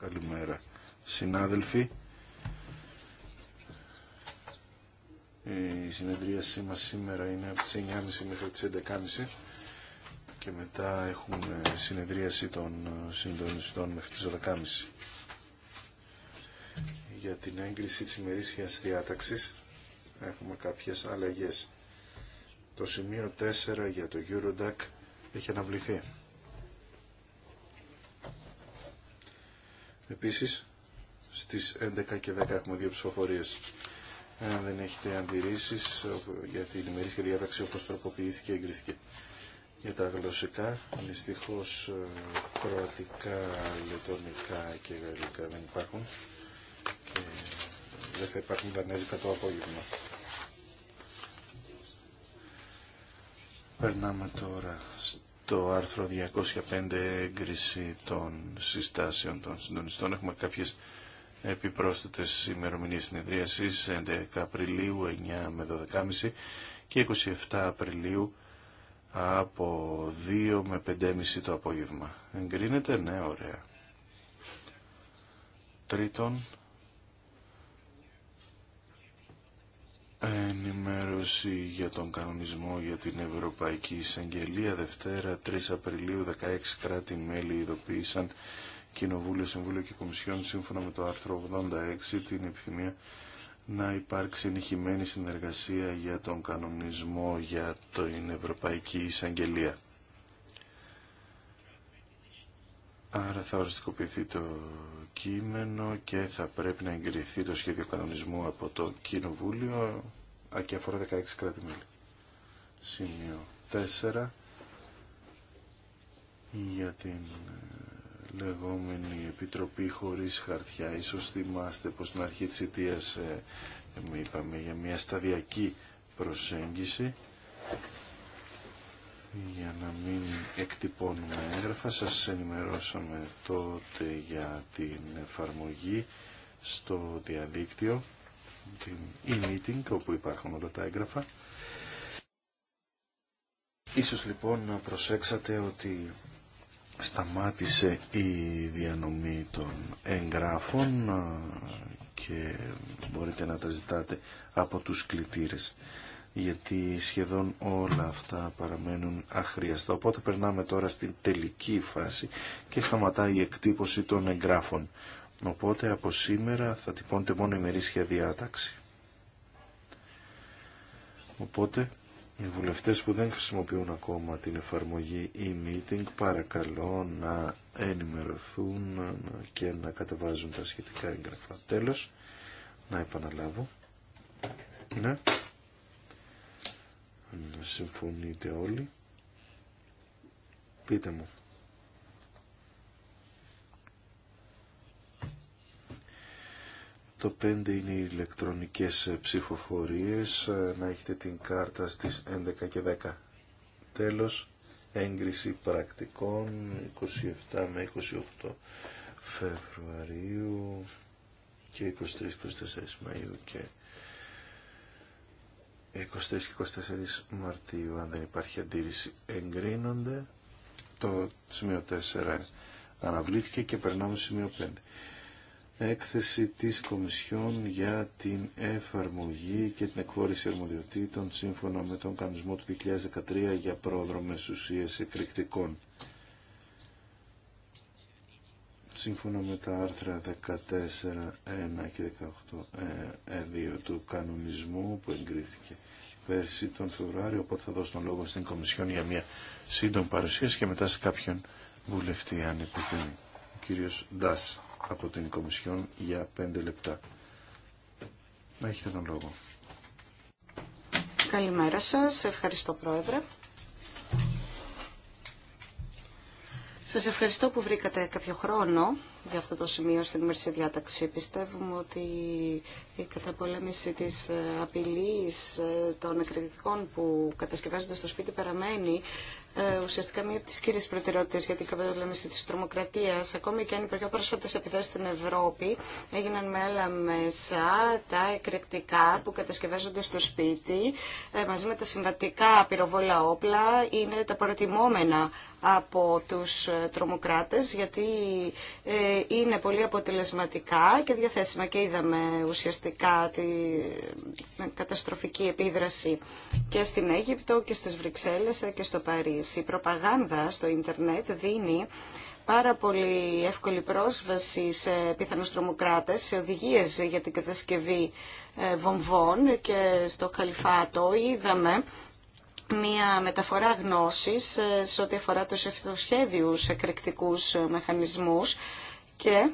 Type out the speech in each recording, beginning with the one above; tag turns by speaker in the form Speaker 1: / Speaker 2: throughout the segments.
Speaker 1: Καλημέρα, συνάδελφοι. Η συνεδρίασή μας σήμερα είναι από τις 9.30 μέχρι τις 11.30 και μετά έχουμε συνεδρίαση των συντονιστών μέχρι τις 12.30 για την έγκριση της ημερήσιας διάταξης έχουμε κάποιες αλλαγές. Το σημείο 4 για το Eurodac έχει αναβληθεί. Επίσης, στις 11 και 10 έχουμε δύο ψηφοφορίες. Αν δεν έχετε αντιρρήσεις για την ημερήσια διάταξη όπως τροποποιήθηκε εγκρίθηκε. Για τα γλωσσικά, δυστυχώ ε, κροατικά, λετωνικά και γαλλικά δεν υπάρχουν και δεν θα υπάρχουν δανέζικα το απόγευμα. Περνάμε τώρα το άρθρο 205 έγκριση των συστάσεων των συντονιστών. Έχουμε κάποιες επιπρόσθετες ημερομηνίες συνεδρίασης 11 Απριλίου 9 με 12.30 και 27 Απριλίου από 2 με 5.30 το απόγευμα. Εγκρίνεται, ναι, ωραία. Τρίτον, Ενημέρωση για τον κανονισμό για την Ευρωπαϊκή Εισαγγελία. Δευτέρα 3 Απριλίου 16 κράτη-μέλη ειδοποίησαν Κοινοβούλιο, Συμβούλιο και Κομισιόν σύμφωνα με το άρθρο 86 την επιθυμία να υπάρξει ενηχημένη συνεργασία για τον κανονισμό για την Ευρωπαϊκή Εισαγγελία. Άρα θα οριστικοποιηθεί το κείμενο και θα πρέπει να εγκριθεί το σχέδιο κανονισμού από το Κοινοβούλιο και αφορά 16 κράτη-μέλη. Σημείο 4 για την ε, λεγόμενη Επιτροπή χωρίς χαρτιά. Ίσως θυμάστε πως στην αρχή της αιτίας ε, ε, είπαμε για μια σταδιακή προσέγγιση για να μην εκτυπώνουμε έγγραφα. Σας ενημερώσαμε τότε για την εφαρμογή στο διαδίκτυο, την e-meeting, όπου υπάρχουν όλα τα έγγραφα. Ίσως λοιπόν να προσέξατε ότι σταμάτησε η διανομή των εγγράφων ε, και μπορείτε να τα ζητάτε από τους κλητήρες γιατί σχεδόν όλα αυτά παραμένουν αχρίαστα. Οπότε περνάμε τώρα στην τελική φάση και σταματάει η εκτύπωση των εγγράφων. Οπότε από σήμερα θα τυπώνεται μόνο η μερίσια διάταξη. Οπότε οι βουλευτές που δεν χρησιμοποιούν ακόμα την εφαρμογή e-meeting παρακαλώ να ενημερωθούν και να κατεβάζουν τα σχετικά έγγραφα. Τέλος, να επαναλάβω. Ναι αν συμφωνείτε όλοι πείτε μου το 5 είναι οι ηλεκτρονικές ψηφοφορίες να έχετε την κάρτα στις 11 και 10 τέλος έγκριση πρακτικών 27 με 28 Φεβρουαρίου και 23-24 Μαΐου και 23 και 24 Μαρτίου, αν δεν υπάρχει αντίρρηση, εγκρίνονται. Το σημείο 4 αναβλήθηκε και περνάμε στο σημείο 5. Έκθεση της Κομισιόν για την εφαρμογή και την εκφόρηση αρμοδιοτήτων σύμφωνα με τον κανονισμό του 2013 για πρόδρομες ουσίες εκρηκτικών σύμφωνα με τα άρθρα 14.1 και 18.2 ε, ε, του κανονισμού που εγκρίθηκε πέρσι τον Φεβρουάριο, οπότε θα δώσω τον λόγο στην Κομισιόν για μια σύντομη παρουσίαση και μετά σε κάποιον βουλευτή, αν επιθυμεί. Ο κύριος Ντάς από την Κομισιόν για 5 λεπτά. Να έχετε τον λόγο.
Speaker 2: Καλημέρα σας. Ευχαριστώ, Πρόεδρε. Σας ευχαριστώ που βρήκατε κάποιο χρόνο για αυτό το σημείο στην ημερήσια διάταξη. Πιστεύουμε ότι η καταπολέμηση της ε, απειλής ε, των εκρηκτικών που κατασκευάζονται στο σπίτι παραμένει ε, ουσιαστικά μία από τι κύριε προτεραιότητε για την καταπολέμηση τη τρομοκρατία. Ακόμη και αν οι πιο πρόσφατε επιθέσει στην Ευρώπη έγιναν με άλλα μέσα, τα εκρηκτικά που κατασκευάζονται στο σπίτι, ε, μαζί με τα συμβατικά πυροβόλα όπλα, είναι τα προτιμόμενα από τους ε, τρομοκράτες γιατί είναι πολύ αποτελεσματικά και διαθέσιμα και είδαμε ουσιαστικά την καταστροφική επίδραση και στην Αίγυπτο και στις Βρυξέλλες και στο Παρίσι. Η προπαγάνδα στο ίντερνετ δίνει πάρα πολύ εύκολη πρόσβαση σε πιθανούς τρομοκράτες, σε οδηγίες για την κατασκευή ε, βομβών και στο Καλυφάτο είδαμε μια μεταφορά γνώσης ε, σε ό,τι αφορά τους ευθοσχέδιους εκρηκτικούς ε, μηχανισμούς και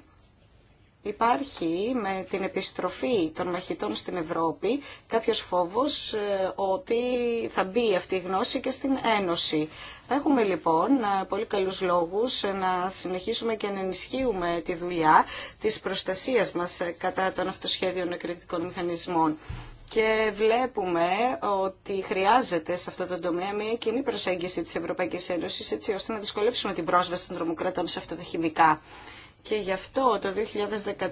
Speaker 2: Υπάρχει με την επιστροφή των μαχητών στην Ευρώπη κάποιος φόβος ε, ότι θα μπει αυτή η γνώση και στην Ένωση. Έχουμε λοιπόν ε, πολύ καλούς λόγους ε, να συνεχίσουμε και να ενισχύουμε τη δουλειά της προστασίας μας κατά των αυτοσχέδιων εκρηκτικών μηχανισμών και βλέπουμε ότι χρειάζεται σε αυτό το τομέα μια κοινή προσέγγιση της Ευρωπαϊκής Ένωσης έτσι ώστε να δυσκολεύσουμε την πρόσβαση των τρομοκρατών σε αυτά τα χημικά. Και γι' αυτό το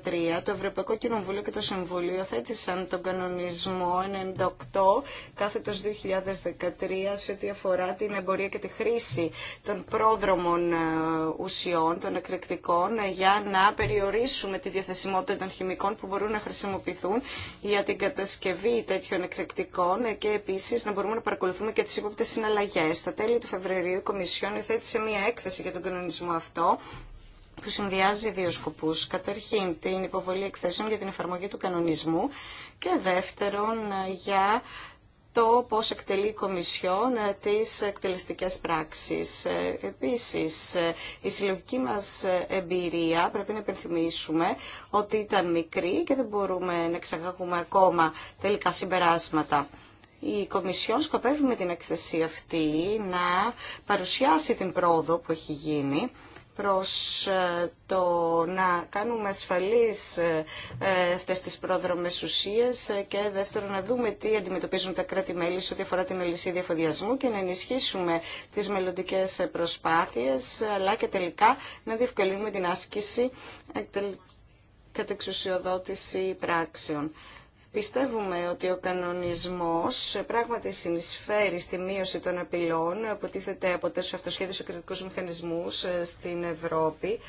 Speaker 2: 2013 το Ευρωπαϊκό Κοινοβούλιο και το Συμβούλιο θέτησαν τον κανονισμό 98 κάθετος 2013 σε ό,τι αφορά την εμπορία και τη χρήση των πρόδρομων ε, ουσιών, των εκρηκτικών, ε, για να περιορίσουμε τη διαθεσιμότητα των χημικών που μπορούν να χρησιμοποιηθούν για την κατασκευή τέτοιων εκρηκτικών ε, και επίσης να μπορούμε να παρακολουθούμε και τις ύποπτε συναλλαγές. Στα τέλη του Φεβρουαρίου η Κομισιόν θέτησε μία έκθεση για τον κανονισμό αυτό, που συνδυάζει δύο σκοπού. Καταρχήν την υποβολή εκθέσεων για την εφαρμογή του κανονισμού και δεύτερον για το πώς εκτελεί η Κομισιόν ε, τις εκτελεστικές πράξεις. Ε, επίσης, ε, η συλλογική μας εμπειρία πρέπει να υπενθυμίσουμε ότι ήταν μικρή και δεν μπορούμε να εξαγάγουμε ακόμα τελικά συμπεράσματα. Η Κομισιόν σκοπεύει με την εκθεσία αυτή να παρουσιάσει την πρόοδο που έχει γίνει προς ε, το να κάνουμε ασφαλείς ε, ε, αυτές τις πρόδρομες ουσίες και δεύτερον να δούμε τι αντιμετωπίζουν τα κράτη-μέλη σε ό,τι αφορά την αλυσίδια εφοδιασμού και να ενισχύσουμε τις μελλοντικές προσπάθειες αλλά και τελικά να διευκολύνουμε την άσκηση κατεξουσιοδότηση πράξεων. Πιστεύουμε ότι ο κανονισμός πράγματι συνεισφέρει στη μείωση των απειλών που τίθεται από τέτοιους αυτοσχέδιους μηχανισμούς ε, στην Ευρώπη.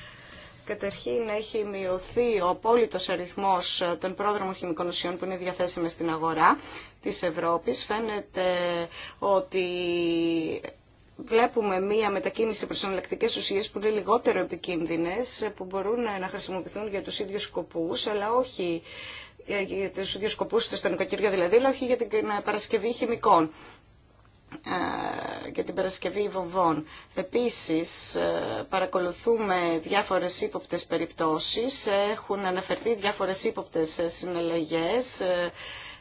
Speaker 2: Καταρχήν έχει μειωθεί ο απόλυτος αριθμός ε, των πρόδρομων χημικών ουσιών που είναι διαθέσιμες στην αγορά της Ευρώπης. Φαίνεται ότι βλέπουμε μία μετακίνηση προς εναλλακτικές ουσίες που είναι λιγότερο επικίνδυνες, που μπορούν να χρησιμοποιηθούν για τους ίδιους σκοπούς, αλλά όχι ε, για τους ίδιους σκοπούς στο νοικοκυριό δηλαδή, αλλά όχι για την ε, παρασκευή χημικών ε, για την παρασκευή βομβών. Επίσης, παρακολουθούμε διάφορες ύποπτες περιπτώσεις. Έχουν αναφερθεί διάφορες ύποπτες συναλλαγές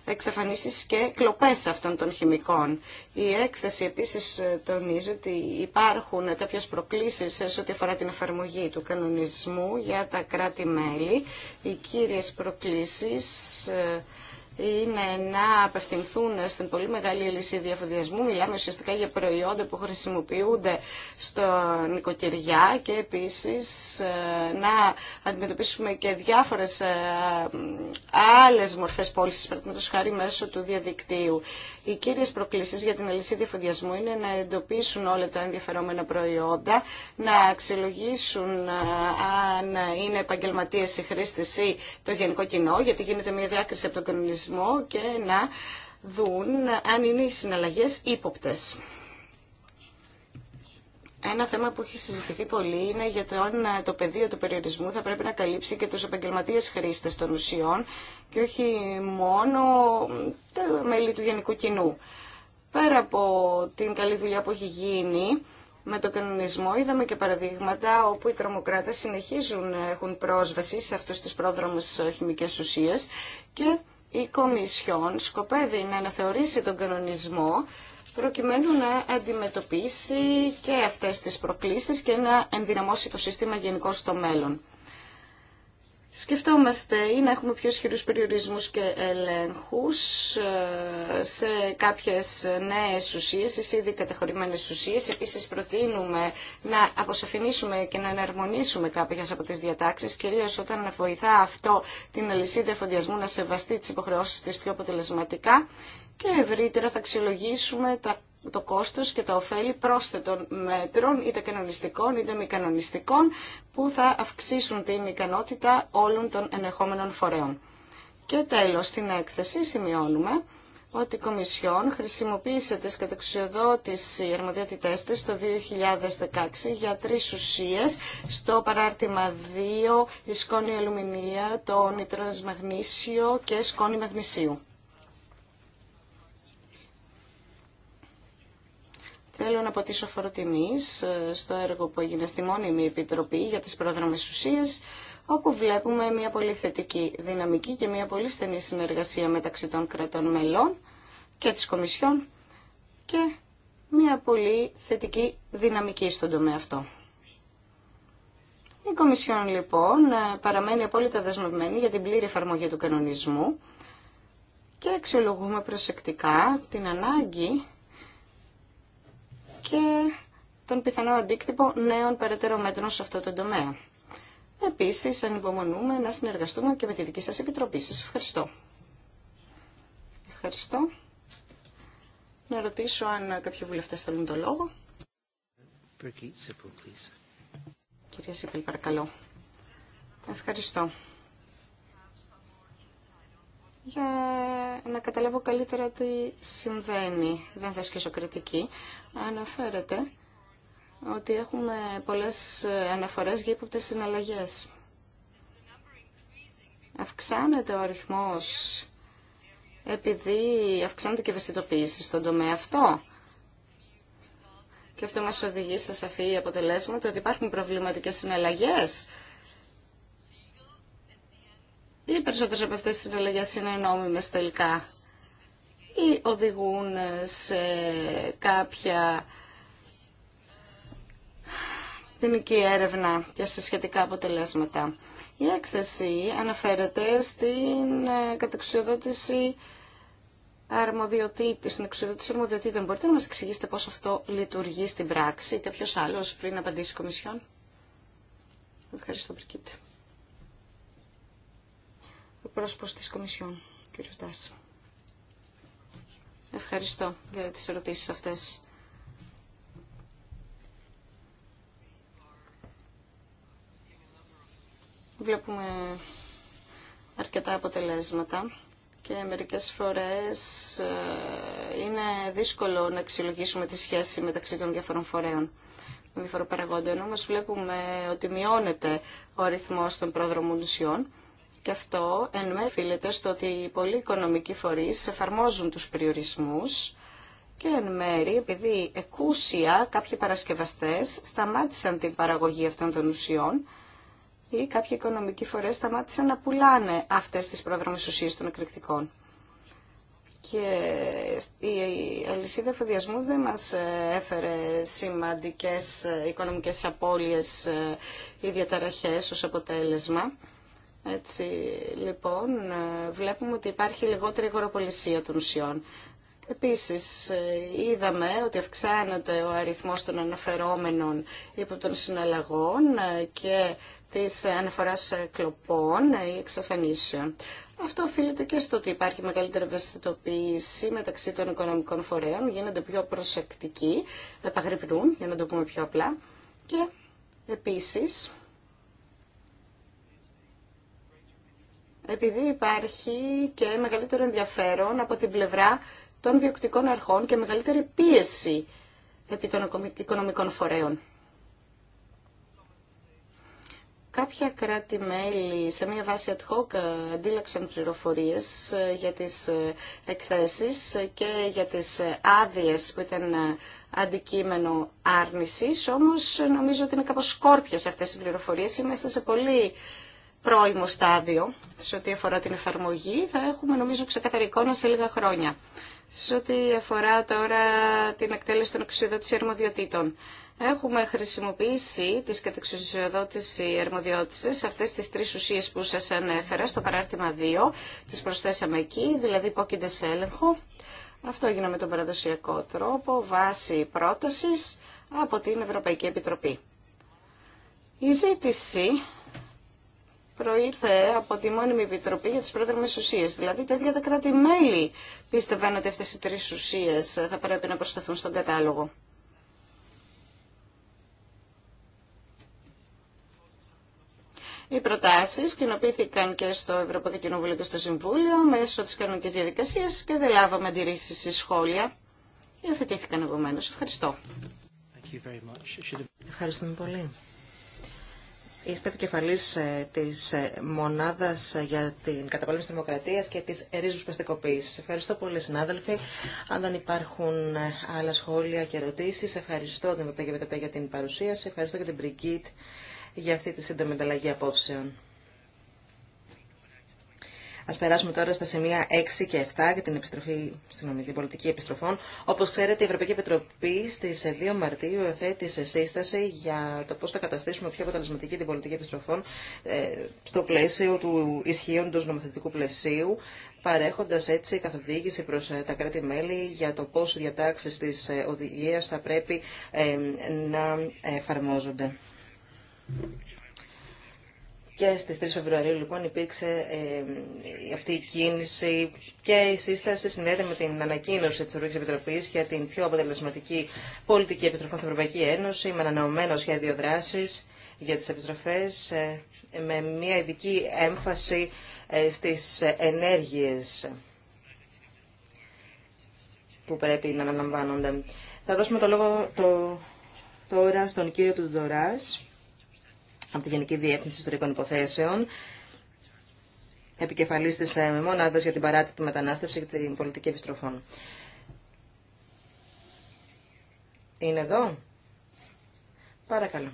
Speaker 2: εξαφανίσεις και κλοπές αυτών των χημικών. Η έκθεση επίσης τονίζει ότι υπάρχουν κάποιες προκλήσεις σε ό,τι αφορά την εφαρμογή του κανονισμού για τα κράτη-μέλη. Οι κύριες προκλήσεις ε, είναι να απευθυνθούν στην πολύ μεγάλη λύση διαφοδιασμού. Μιλάμε ουσιαστικά για προϊόντα που χρησιμοποιούνται στο νοικοκυριά και επίσης ε, να αντιμετωπίσουμε και διάφορες ε, άλλες μορφές πώλησης, παραδείγματος χάρη μέσω του διαδικτύου. Οι κύριε προκλήσει για την αλυσίδα εφοδιασμού είναι να εντοπίσουν όλα τα ενδιαφερόμενα προϊόντα, να αξιολογήσουν ε, αν είναι επαγγελματίε ή χρήστε ή το γενικό κοινό, γιατί γίνεται μια διάκριση από τον κανονισμό και να δουν αν είναι οι συναλλαγές ύποπτε. Ένα θέμα που έχει συζητηθεί πολύ είναι για το αν ε, το πεδίο του περιορισμού θα πρέπει να καλύψει και τους επαγγελματίες χρήστες των ουσιών και όχι μόνο τα μέλη του γενικού κοινού. Πέρα από την καλή δουλειά που έχει γίνει, με τον κανονισμό είδαμε και παραδείγματα όπου οι τρομοκράτες συνεχίζουν να έχουν πρόσβαση σε αυτούς τις πρόδρομες ε, χημικές ουσίες και η Κομισιόν σκοπεύει να αναθεωρήσει τον κανονισμό προκειμένου να αντιμετωπίσει και αυτές τις προκλήσεις και να ενδυναμώσει το σύστημα γενικώ στο μέλλον. Σκεφτόμαστε ή να έχουμε πιο ισχυρού περιορισμούς και ελέγχους ε, σε κάποιες νέες ουσίες, ή ήδη κατεχωρημένες ουσίες. Επίσης προτείνουμε να αποσαφηνίσουμε και να εναρμονίσουμε κάποιες από τις διατάξεις, κυρίως όταν βοηθά αυτό την αλυσίδα εφοδιασμού να σεβαστεί τις υποχρεώσεις της πιο αποτελεσματικά και ευρύτερα θα αξιολογήσουμε τα το κόστος και τα ωφέλη πρόσθετων μέτρων, είτε κανονιστικών είτε μη κανονιστικών, που θα αυξήσουν την ικανότητα όλων των ενεχόμενων φορέων. Και τέλος, στην έκθεση σημειώνουμε ότι η Κομισιόν χρησιμοποίησε τις κατεξουσιοδότηση αρμοδιότητές της το 2016 για τρεις ουσίες στο παράρτημα 2 η σκόνη αλουμινία, το νητρόδες μαγνήσιο και σκόνη μαγνησίου. Θέλω να ποτίσω φοροτιμή ε, στο έργο που έγινε στη μόνιμη επιτροπή για τι πρόδρομε ουσίε, όπου βλέπουμε μια πολύ θετική δυναμική και μια πολύ στενή συνεργασία μεταξύ των κρατών μελών και τη Κομισιόν και μια πολύ θετική δυναμική στον τομέα αυτό. Η Κομισιόν λοιπόν ε, παραμένει απόλυτα δεσμευμένη για την πλήρη εφαρμογή του κανονισμού και αξιολογούμε προσεκτικά την ανάγκη και τον πιθανό αντίκτυπο νέων περαιτέρω μέτρων σε αυτό το τομέα. Επίσης, ανυπομονούμε να συνεργαστούμε και με τη δική σας επιτροπή. Σας ευχαριστώ. Ευχαριστώ. Να ρωτήσω αν κάποιοι βουλευτές θέλουν το λόγο. Κυρία Σίπελ, παρακαλώ. Ευχαριστώ για να καταλάβω καλύτερα τι συμβαίνει. Δεν θα σκέσω κριτική. Αναφέρεται ότι έχουμε πολλές αναφορές για ύποπτες συναλλαγές. Αυξάνεται ο αριθμός επειδή αυξάνεται και η ευαισθητοποίηση στον τομέα αυτό. Και αυτό μας οδηγεί σε σαφή αποτελέσματα ότι υπάρχουν προβληματικές συναλλαγές οι περισσότερες από αυτές τις συναλλαγές είναι νόμιμες τελικά ή οδηγούν σε κάποια ποινική έρευνα και σε σχετικά αποτελέσματα. Η έκθεση αναφέρεται στην ε, κατεξιοδότηση αρμοδιοτήτων, στην αρμοδιοτήτων. Μπορείτε να μας εξηγήσετε πώς αυτό λειτουργεί στην πράξη. η Κάποιος άλλος πριν απαντήσει η Κομισιόν. Ευχαριστώ, Πρικίτη ο πρόσωπος της Κομισιόν, κύριο Τάσο. Ευχαριστώ για τις ερωτήσεις αυτές. Βλέπουμε αρκετά αποτελέσματα και μερικές φορές ε, είναι δύσκολο να αξιολογήσουμε τη σχέση μεταξύ των διαφορών φορέων των διαφοροπαραγόντων. παραγόντων. βλέπουμε ότι μειώνεται ο αριθμός των πρόδρομων ουσιών και αυτό εν με στο ότι οι πολλοί οικονομικοί φορείς εφαρμόζουν τους περιορισμούς και εν μέρη επειδή εκούσια κάποιοι παρασκευαστές σταμάτησαν την παραγωγή αυτών των ουσιών ή κάποιοι οικονομικοί φορείς σταμάτησαν να πουλάνε αυτές τις πρόδρομες ουσίες των εκρηκτικών. Και η αλυσίδα εφοδιασμού δεν μας ε, έφερε σημαντικές ε, οικονομικές απώλειες ή ε, διαταραχές ως αποτέλεσμα. Έτσι λοιπόν ε, βλέπουμε ότι υπάρχει λιγότερη γοροπολισία των ουσιών. Επίσης ε, είδαμε ότι αυξάνεται ο αριθμός των αναφερόμενων υπό των συναλλαγών ε, και της αναφοράς κλοπών ή εξαφανίσεων. Αυτό οφείλεται και στο ότι υπάρχει μεγαλύτερη ευαισθητοποίηση μεταξύ των οικονομικών φορέων, γίνονται πιο προσεκτικοί, επαγρυπνούν, για να το πούμε πιο απλά, και επίσης επειδή υπάρχει και μεγαλύτερο ενδιαφέρον από την πλευρά των διοκτικών αρχών και μεγαλύτερη πίεση επί των οικονομικών φορέων. Κάποια κράτη-μέλη σε μια βάση ad hoc ε, αντίλαξαν πληροφορίες ε, για τις ε, εκθέσεις και για τις άδειες που ήταν αντικείμενο άρνησης, όμως νομίζω ότι είναι κάπως σκόρπιες αυτές οι πληροφορίες. Είμαστε σε πολύ πρώιμο στάδιο σε ό,τι αφορά την εφαρμογή. Θα έχουμε νομίζω ξεκαθαρή εικόνα σε λίγα χρόνια. Σε ό,τι αφορά τώρα την εκτέλεση των εξουσιοδότηση αρμοδιοτήτων. Έχουμε χρησιμοποιήσει τις κατεξουσιοδότηση αρμοδιότητες, αυτές τις τρεις ουσίες που σας ανέφερα στο παράρτημα 2, τις προσθέσαμε εκεί, δηλαδή υπόκεινται σε έλεγχο. Αυτό έγινε με τον παραδοσιακό τρόπο, βάση πρότασης από την Ευρωπαϊκή Επιτροπή. Η ζήτηση προήλθε από τη μόνιμη επιτροπή για τι πρόδρομες ουσίε. Δηλαδή τα ίδια τα κράτη-μέλη πίστευαν ότι αυτές οι τρει ουσίε θα πρέπει να προσταθούν στον κατάλογο. Οι προτάσει κοινοποιήθηκαν και στο Ευρωπαϊκό Κοινοβούλιο και στο Συμβούλιο μέσω τη κανονική διαδικασία και δεν λάβαμε αντιρρήσει ή σχόλια.
Speaker 3: Υιοθετήθηκαν επομένω. Ευχαριστώ. Ευχαριστούμε πολύ. Είστε επικεφαλή ε, της ε, Μονάδας ε, για την Καταπολέμηση τη Δημοκρατίας και της ρίζου πεστικοποίηση. Ευχαριστώ πολύ συνάδελφοι. Αν δεν υπάρχουν άλλα σχόλια και ερωτήσει. ευχαριστώ την Ευρωπαϊκή για την παρουσίαση. Ευχαριστώ και την Μπριγκίτ για αυτή τη σύντομη ανταλλαγή απόψεων. Α περάσουμε τώρα στα σημεία 6 και 7 για την επιστροφή, συγγνώμη, πολιτική επιστροφών. Όπω ξέρετε, η Ευρωπαϊκή Επιτροπή στι 2 ε, Μαρτίου εφέτησε σύσταση για το πώ θα καταστήσουμε πιο αποτελεσματική την πολιτική επιστροφών ε, στο πλαίσιο του ισχύοντος νομοθετικού πλαισίου, παρέχοντα έτσι καθοδήγηση προ ε, τα κράτη-μέλη για το πώς οι διατάξεις τη οδηγία θα πρέπει να εφαρμόζονται. Και στις 3 Φεβρουαρίου λοιπόν υπήρξε ε, αυτή η κίνηση και η σύσταση συνδέεται με την ανακοίνωση της Ευρωπαϊκής Επιτροπής για την πιο αποτελεσματική πολιτική επιστροφή στην Ευρωπαϊκή Ένωση με ανανεωμένο σχέδιο δράσης για τις επιστροφές ε, με μια ειδική έμφαση ε, στις ενέργειες που πρέπει να αναλαμβάνονται. Θα δώσουμε το λόγο το, τώρα στον κύριο Τουντοράς από τη Γενική Διεύθυνση Ιστορικών Υποθέσεων, επικεφαλής της ε, Μονάδας για την Παράτητη Μετανάστευση και την Πολιτική Επιστροφών. Είναι εδώ. Παρακαλώ.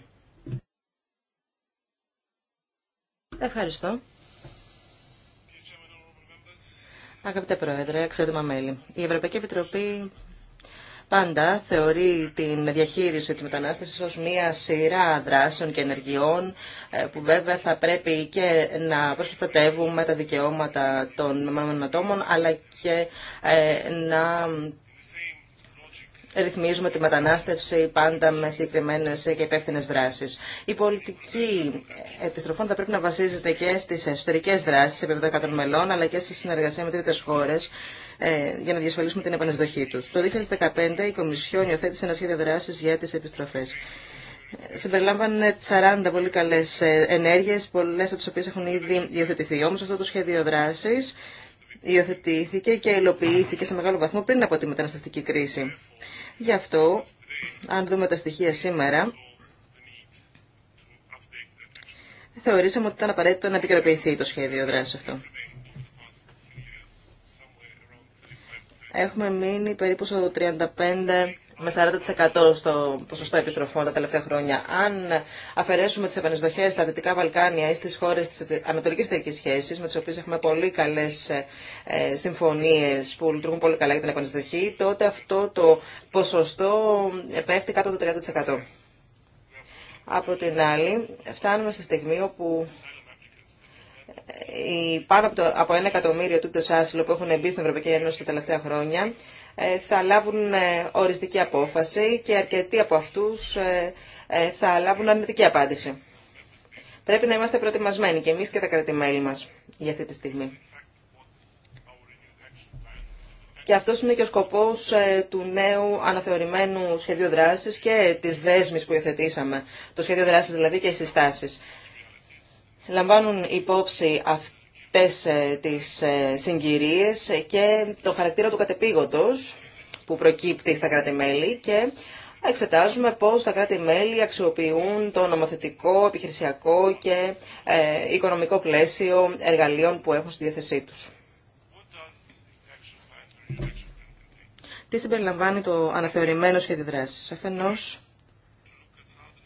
Speaker 3: Ευχαριστώ. Αγαπητέ Πρόεδρε, εξέτοιμα μέλη. Η Ευρωπαϊκή Επιτροπή πάντα θεωρεί την διαχείριση της μετανάστευσης ως μία σειρά δράσεων και ενεργειών ε, που βέβαια θα πρέπει και να προστατεύουμε τα δικαιώματα των μεμονωμένων ατόμων αλλά και ε, να ρυθμίζουμε τη μετανάστευση πάντα με συγκεκριμένε και υπεύθυνε δράσει. Η πολιτική επιστροφών θα πρέπει να βασίζεται και στι εσωτερικέ δράσει σε επίπεδο 100 μελών, αλλά και στη συνεργασία με τρίτε χώρε ε, για να διασφαλίσουμε την επανεσδοχή τους. Το 2015 η Κομισιόν υιοθέτησε ένα σχέδιο δράσης για τις επιστροφές. Συμπεριλάμβανε 40 πολύ καλέ ε, ενέργειε, πολλέ από τι οποίε έχουν ήδη υιοθετηθεί. Όμω αυτό το σχέδιο δράση υιοθετήθηκε και υλοποιήθηκε σε μεγάλο βαθμό πριν από τη μεταναστευτική κρίση. Γι' αυτό, αν δούμε τα στοιχεία σήμερα, θεωρήσαμε ότι ήταν απαραίτητο να επικαιροποιηθεί το σχέδιο δράση αυτό. έχουμε μείνει περίπου στο 35% με 40% στο ποσοστό επιστροφών τα τελευταία χρόνια. Αν αφαιρέσουμε τις επανεισδοχές στα Δυτικά Βαλκάνια ή στις χώρες της Ανατολικής Τερικής Σχέσης, με τις οποίες έχουμε πολύ καλές ε, συμφωνίες που λειτουργούν πολύ καλά για την επανεισδοχή, τότε αυτό το ποσοστό ε, πέφτει κάτω το 30%. Από την άλλη, φτάνουμε στη στιγμή όπου οι πάνω από, το, από ένα εκατομμύριο τούτε άσυλο που έχουν μπει στην Ευρωπαϊκή Ένωση τα τελευταία χρόνια ε, θα λάβουν ε, οριστική απόφαση και αρκετοί από αυτούς ε, θα λάβουν αρνητική απάντηση. Πρέπει να είμαστε προετοιμασμένοι και εμείς και τα κρατημέλη μας για αυτή τη στιγμή. Και αυτό είναι και ο σκοπό του νέου αναθεωρημένου σχεδίου δράση και τη δέσμη που υιοθετήσαμε. Το σχέδιο δράση δηλαδή και οι συστάσει λαμβάνουν υπόψη αυτές ε, τις ε, συγκυρίες και το χαρακτήρα του κατεπήγοντος που προκύπτει στα κράτη-μέλη και εξετάζουμε πώς τα κράτη-μέλη αξιοποιούν το νομοθετικό, επιχειρησιακό και ε, οικονομικό πλαίσιο εργαλείων που έχουν στη διάθεσή τους. Τι συμπεριλαμβάνει το αναθεωρημένο σχέδιο δράση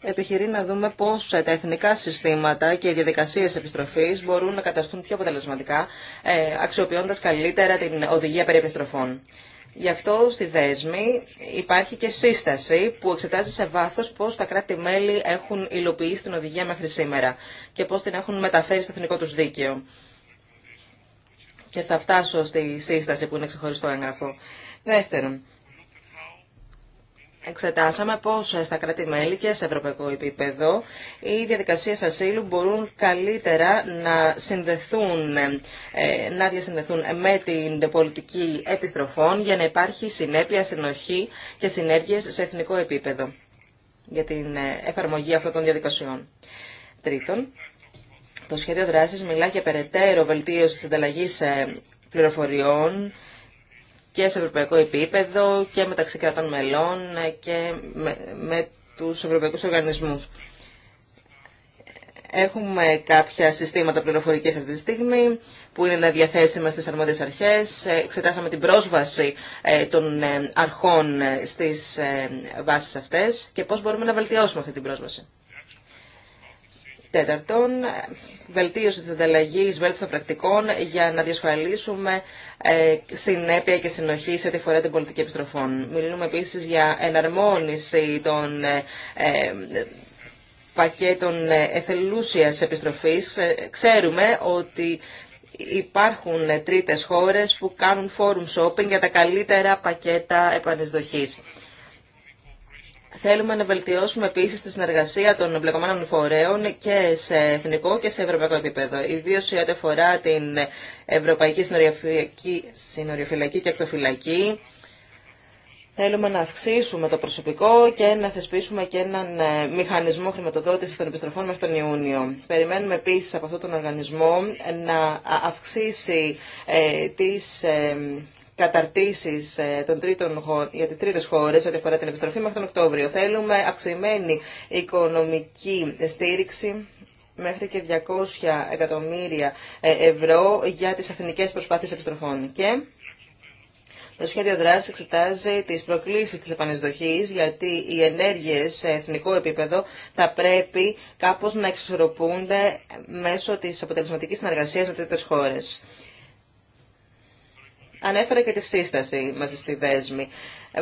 Speaker 3: επιχειρεί να δούμε πώς τα εθνικά συστήματα και οι διαδικασίες επιστροφής μπορούν να καταστούν πιο αποτελεσματικά, ε, αξιοποιώντας καλύτερα την οδηγία περί επιστροφών. Γι' αυτό στη δέσμη υπάρχει και σύσταση που εξετάζει σε βάθος πώς τα κράτη-μέλη έχουν υλοποιήσει την οδηγία μέχρι σήμερα και πώς την έχουν μεταφέρει στο εθνικό τους δίκαιο. Και θα φτάσω στη σύσταση που είναι ξεχωριστό έγγραφο. Δεύτερον, Εξετάσαμε πω στα κράτη-μέλη και σε ευρωπαϊκό επίπεδο οι διαδικασίε ασύλου μπορούν καλύτερα να συνδεθούν, ε, να διασυνδεθούν με την πολιτική επιστροφών για να υπάρχει συνέπεια, συνοχή και συνέργειε σε εθνικό επίπεδο για την ε, εφαρμογή αυτών των διαδικασιών. Τρίτον, το σχέδιο δράσης μιλά για περαιτέρω βελτίωση τη ανταλλαγή ε, πληροφοριών και σε ευρωπαϊκό επίπεδο και μεταξύ κρατών μελών και με, με τους ευρωπαϊκούς οργανισμούς. Έχουμε κάποια συστήματα πληροφορικής αυτή τη στιγμή που είναι διαθέσιμα στις αρμόδιες αρχές. Εξετάσαμε την πρόσβαση ε, των ε, αρχών ε, στις βάσεις αυτές και πώς μπορούμε να βελτιώσουμε αυτή την πρόσβαση. Τέταρτον, βελτίωση της ανταλλαγής των πρακτικών για να διασφαλίσουμε ε, συνέπεια και συνοχή σε ό,τι φορά την πολιτική επιστροφών. Μιλούμε επίσης για εναρμόνιση των ε, ε, πακέτων εθελούσιας επιστροφής. Ξέρουμε ότι υπάρχουν τρίτες χώρες που κάνουν forum shopping για τα καλύτερα πακέτα επανεισδοχής. Θέλουμε να βελτιώσουμε επίση τη συνεργασία των εμπλεκομένων φορέων και σε εθνικό και σε ευρωπαϊκό επίπεδο. Ιδίω σε ό,τι αφορά την Ευρωπαϊκή Συνοριοφυλακή και Εκτοφυλακή. Θέλουμε να αυξήσουμε το προσωπικό και να θεσπίσουμε και έναν ε, μηχανισμό χρηματοδότηση των επιστροφών μέχρι τον Ιούνιο. Περιμένουμε επίση από αυτόν τον οργανισμό να αυξήσει ε, τι ε, ε, των τρίτων, για τι τρίτε χώρε ό,τι αφορά την επιστροφή μέχρι τον Οκτώβριο. Θέλουμε αυξημένη οικονομική στήριξη μέχρι και 200 εκατομμύρια ε, ευρώ για τις εθνικές προσπάθειες επιστροφών. Και το σχέδιο δράση εξετάζει τι προκλήσει τη επανεισδοχή, γιατί οι ενέργειε σε εθνικό επίπεδο θα πρέπει κάπω να εξισορροπούνται μέσω τη αποτελεσματική συνεργασία με τρίτε χώρε. Ανέφερε και τη σύσταση μαζί στη δέσμη.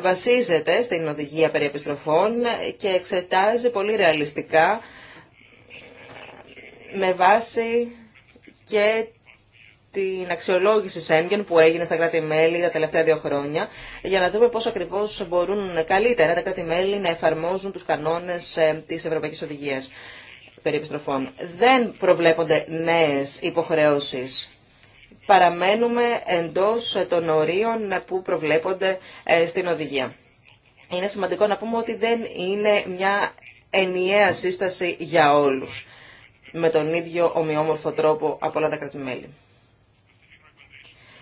Speaker 3: Βασίζεται στην οδηγία περί επιστροφών και εξετάζει πολύ ρεαλιστικά με βάση και την αξιολόγηση Σέγγεν που έγινε στα κράτη-μέλη τα τελευταία δύο χρόνια για να δούμε πώς ακριβώς μπορούν καλύτερα τα κράτη-μέλη να εφαρμόζουν τους κανόνες ε, της Ευρωπαϊκής Οδηγίας περί επιστροφών. Δεν προβλέπονται νέες υποχρεώσεις παραμένουμε εντός των ορίων που προβλέπονται ε, στην οδηγία. Είναι σημαντικό να πούμε ότι δεν είναι μια ενιαία σύσταση για όλους με τον ίδιο ομοιόμορφο τρόπο από όλα τα κρατημέλη.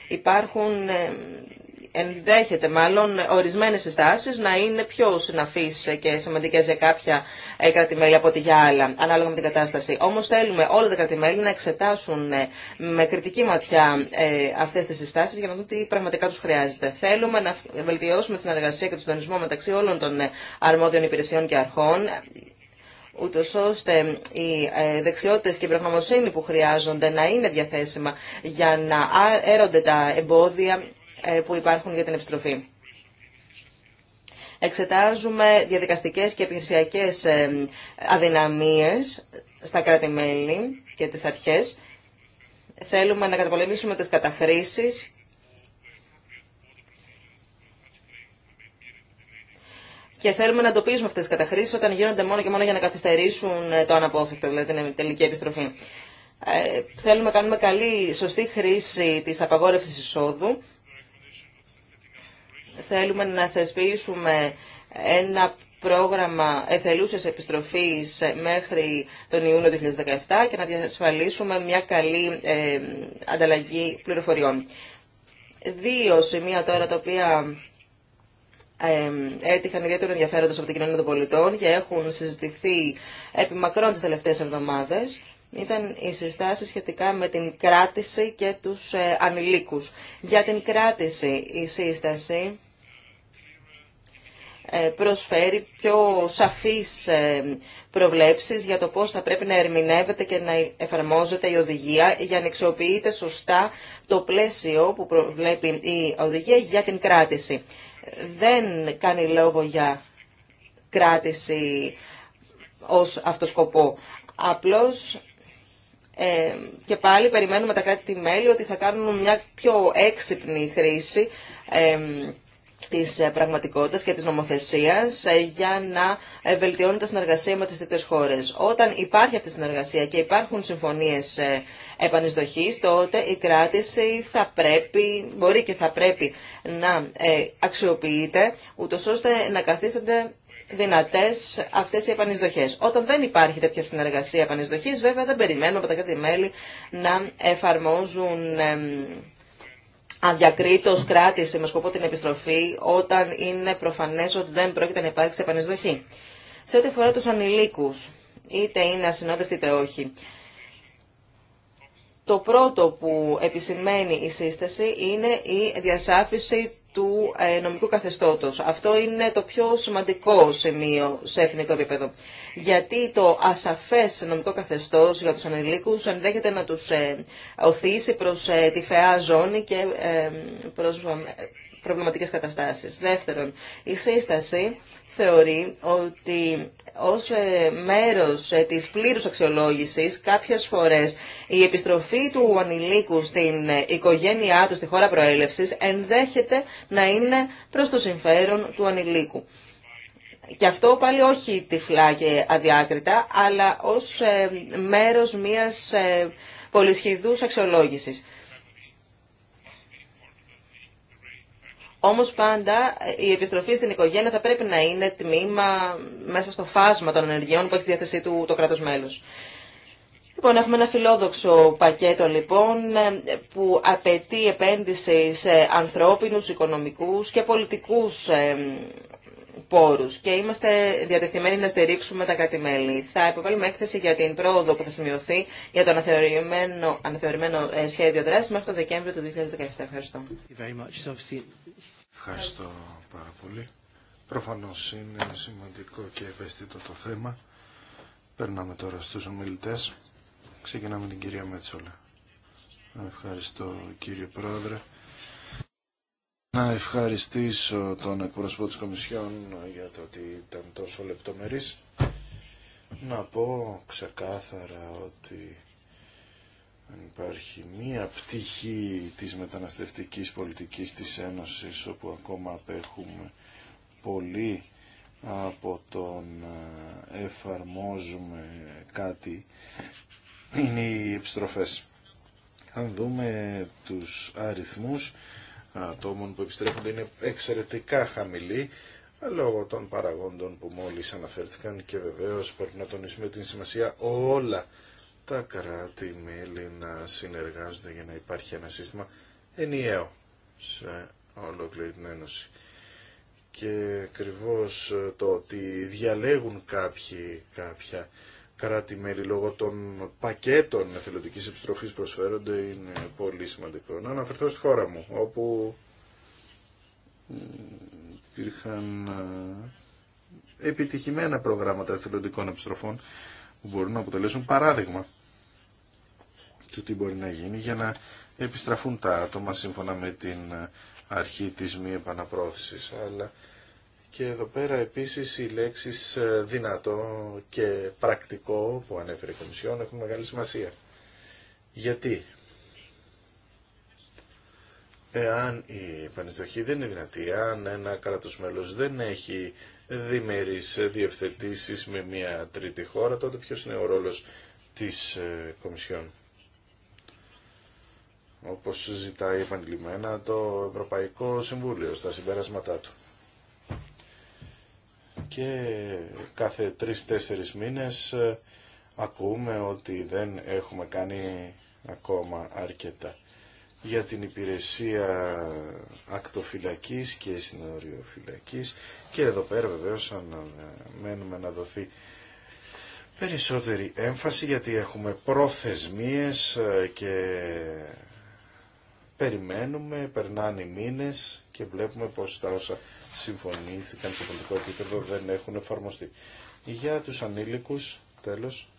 Speaker 3: Υπάρχουν ε, ενδέχεται μάλλον ορισμένες συστάσεις να είναι πιο συναφείς και σημαντικές για κάποια ε, κρατημέλη από ότι για άλλα, ανάλογα με την κατάσταση. Όμως θέλουμε όλα τα κρατημέλη να εξετάσουν ε, με κριτική ματιά ε, αυτές τις συστάσεις για να δουν τι πραγματικά τους χρειάζεται. Θέλουμε να βελτιώσουμε τη συνεργασία και τον συντονισμό μεταξύ όλων των αρμόδιων υπηρεσιών και αρχών ούτω ώστε οι δεξιότητε και η προγραμμοσύνη που χρειάζονται να είναι διαθέσιμα για να έρονται τα εμπόδια ε, που υπάρχουν για την επιστροφή. Εξετάζουμε διαδικαστικές και επιχειρησιακές ε, αδυναμίες στα κράτη-μέλη και τις αρχές. Θέλουμε να καταπολεμήσουμε τις καταχρήσεις Και θέλουμε να εντοπίζουμε αυτέ τι καταχρήσει όταν γίνονται μόνο και μόνο για να καθυστερήσουν το αναπόφευκτο, δηλαδή την τελική επιστροφή. Ε, θέλουμε να κάνουμε καλή, σωστή χρήση τη απαγόρευση εισόδου θέλουμε να θεσπίσουμε ένα πρόγραμμα εθελούσες επιστροφής μέχρι τον Ιούνιο 2017 και να διασφαλίσουμε μια καλή ε, ανταλλαγή πληροφοριών. Δύο σημεία τώρα τα οποία ε, έτυχαν ιδιαίτερο ενδιαφέροντος από την κοινωνία των πολιτών και έχουν συζητηθεί επί μακρόν τις τελευταίες εβδομάδες ήταν οι συστάσεις σχετικά με την κράτηση και τους ε, ανηλίκους. Για την κράτηση η σύσταση ε, προσφέρει πιο σαφείς ε, προβλέψεις για το πώς θα πρέπει να ερμηνεύεται και να εφαρμόζεται η οδηγία για να εξοποιείται σωστά το πλαίσιο που προβλέπει η οδηγία για την κράτηση. Δεν κάνει λόγο για κράτηση ως αυτοσκοπό. Απλώς ε, και πάλι περιμένουμε τα κράτη-μέλη ότι θα κάνουν μια πιο έξυπνη χρήση της ε, πραγματικότητας και της νομοθεσίας ε, για να ε, βελτιώνει τα συνεργασία με τις τρίτες χώρες. Όταν υπάρχει αυτή η συνεργασία και υπάρχουν συμφωνίες επανεισδοχής, τότε η κράτηση θα πρέπει, μπορεί και θα πρέπει να αξιοποιείται, ούτως ώστε να καθίστανται δυνατές αυτές οι επανεισδοχές. Όταν δεν υπάρχει τέτοια συνεργασία επανεισδοχής, βέβαια δεν περιμένουμε από τα κράτη-μέλη να εφαρμόζουν αδιακρίτω κράτηση με σκοπό την επιστροφή όταν είναι προφανές ότι δεν πρόκειται να υπάρξει επανεισδοχή. Σε ό,τι αφορά τους ανηλίκους, είτε είναι ασυνόδευτοι είτε όχι, το πρώτο που επισημαίνει η σύσταση είναι η διασάφηση του ε, νομικού καθεστώτος. Αυτό είναι το πιο σημαντικό σημείο σε εθνικό επίπεδο. Γιατί το ασαφές νομικό καθεστώς για τους ανηλίκους ενδέχεται να τους ε, οθήσει προς ε, τη φέα ζώνη και προς προβληματικές καταστάσεις. Δεύτερον, η σύσταση θεωρεί ότι ως ε, μέρος ε, της πλήρους αξιολόγησης κάποιες φορές η επιστροφή του ανηλίκου στην ε, οικογένειά του στη χώρα προέλευσης ενδέχεται να είναι προς το συμφέρον του ανηλίκου. Και αυτό πάλι όχι τυφλά και αδιάκριτα, αλλά ως μέρος μιας πολυσχηδούς αξιολόγησης. Όμω πάντα η επιστροφή στην οικογένεια θα πρέπει να είναι τμήμα μέσα στο φάσμα των ενεργειών που έχει στη διάθεσή του το κράτος μέλο. Λοιπόν, έχουμε ένα φιλόδοξο πακέτο λοιπόν ε, που απαιτεί επένδυση σε ανθρώπινους, οικονομικούς και πολιτικούς ε, πόρους και είμαστε διατεθειμένοι να στηρίξουμε τα κράτη-μέλη. Θα υποβάλουμε έκθεση για την πρόοδο που θα σημειωθεί για το αναθεωρημένο, ε, σχέδιο δράσης μέχρι το Δεκέμβριο του 2017. Ευχαριστώ.
Speaker 1: Ευχαριστώ πάρα πολύ. Προφανώς είναι σημαντικό και ευαίσθητο το θέμα. Περνάμε τώρα στους ομιλητές. Ξεκινάμε την κυρία Μέτσολα. Ευχαριστώ κύριε Πρόεδρε. Να ευχαριστήσω τον εκπρόσωπο της Κομισιόν για το ότι ήταν τόσο λεπτομερής. Να πω ξεκάθαρα ότι Υπάρχει μία πτυχή της μεταναστευτικής πολιτικής της Ένωσης όπου ακόμα απέχουμε πολύ από το να εφαρμόζουμε κάτι είναι οι επιστροφές. Αν δούμε τους αριθμούς ατόμων που επιστρέφονται είναι εξαιρετικά χαμηλοί λόγω των παραγόντων που μόλις αναφέρθηκαν και βεβαίως πρέπει να τονίσουμε την σημασία όλα τα κράτη-μέλη να συνεργάζονται για να υπάρχει ένα σύστημα ενιαίο σε ολόκληρη την Ένωση. Και ακριβώ το ότι διαλέγουν κάποιοι κάποια κράτη-μέλη λόγω των πακέτων εθελοντικής επιστροφής προσφέρονται είναι πολύ σημαντικό. Να αναφερθώ στη χώρα μου, όπου υπήρχαν ε, επιτυχημένα προγράμματα εθελοντικών επιστροφών που μπορούν να αποτελέσουν παράδειγμα του τι μπορεί να γίνει για να επιστραφούν τα άτομα σύμφωνα με την αρχή της μη επαναπρόθεσης. Αλλά και εδώ πέρα επίσης οι λέξεις ε, δυνατό και πρακτικό που ανέφερε η Κομισιόν έχουν μεγάλη σημασία. Γιατί εάν η επανεισδοχή δεν είναι δυνατή, αν ένα κράτος μέλος δεν έχει διμερείς διευθετήσεις με μια τρίτη χώρα, τότε ποιος είναι ο ρόλος της ε, Κομισιόν όπως ζητάει επανειλημμένα το Ευρωπαϊκό Συμβούλιο στα συμπέρασματά του. Και κάθε τρεις-τέσσερις μήνες ε, ακούμε ότι δεν έχουμε κάνει ακόμα αρκετά για την υπηρεσία ακτοφυλακής και συνοριοφυλακής και εδώ πέρα βεβαίως αναμένουμε να δοθεί περισσότερη έμφαση γιατί έχουμε προθεσμίες ε, και περιμένουμε, περνάνε οι μήνες και βλέπουμε πως τα όσα συμφωνήθηκαν σε πολιτικό επίπεδο δεν έχουν εφαρμοστεί. Για τους ανήλικους, τέλος,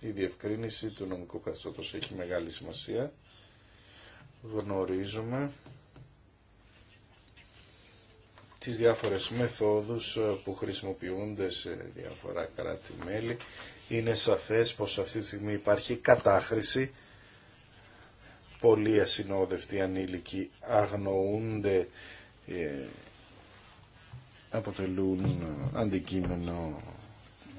Speaker 1: η διευκρίνηση του νομικού καθεστώτος έχει μεγάλη σημασία. Γνωρίζουμε τις διάφορες μεθόδους ε, που χρησιμοποιούνται σε διάφορα κράτη-μέλη. Είναι σαφές πως αυτή τη στιγμή υπάρχει κατάχρηση πολλοί ασυνόδευτοι ανήλικοι αγνοούνται, ε, αποτελούν αντικείμενο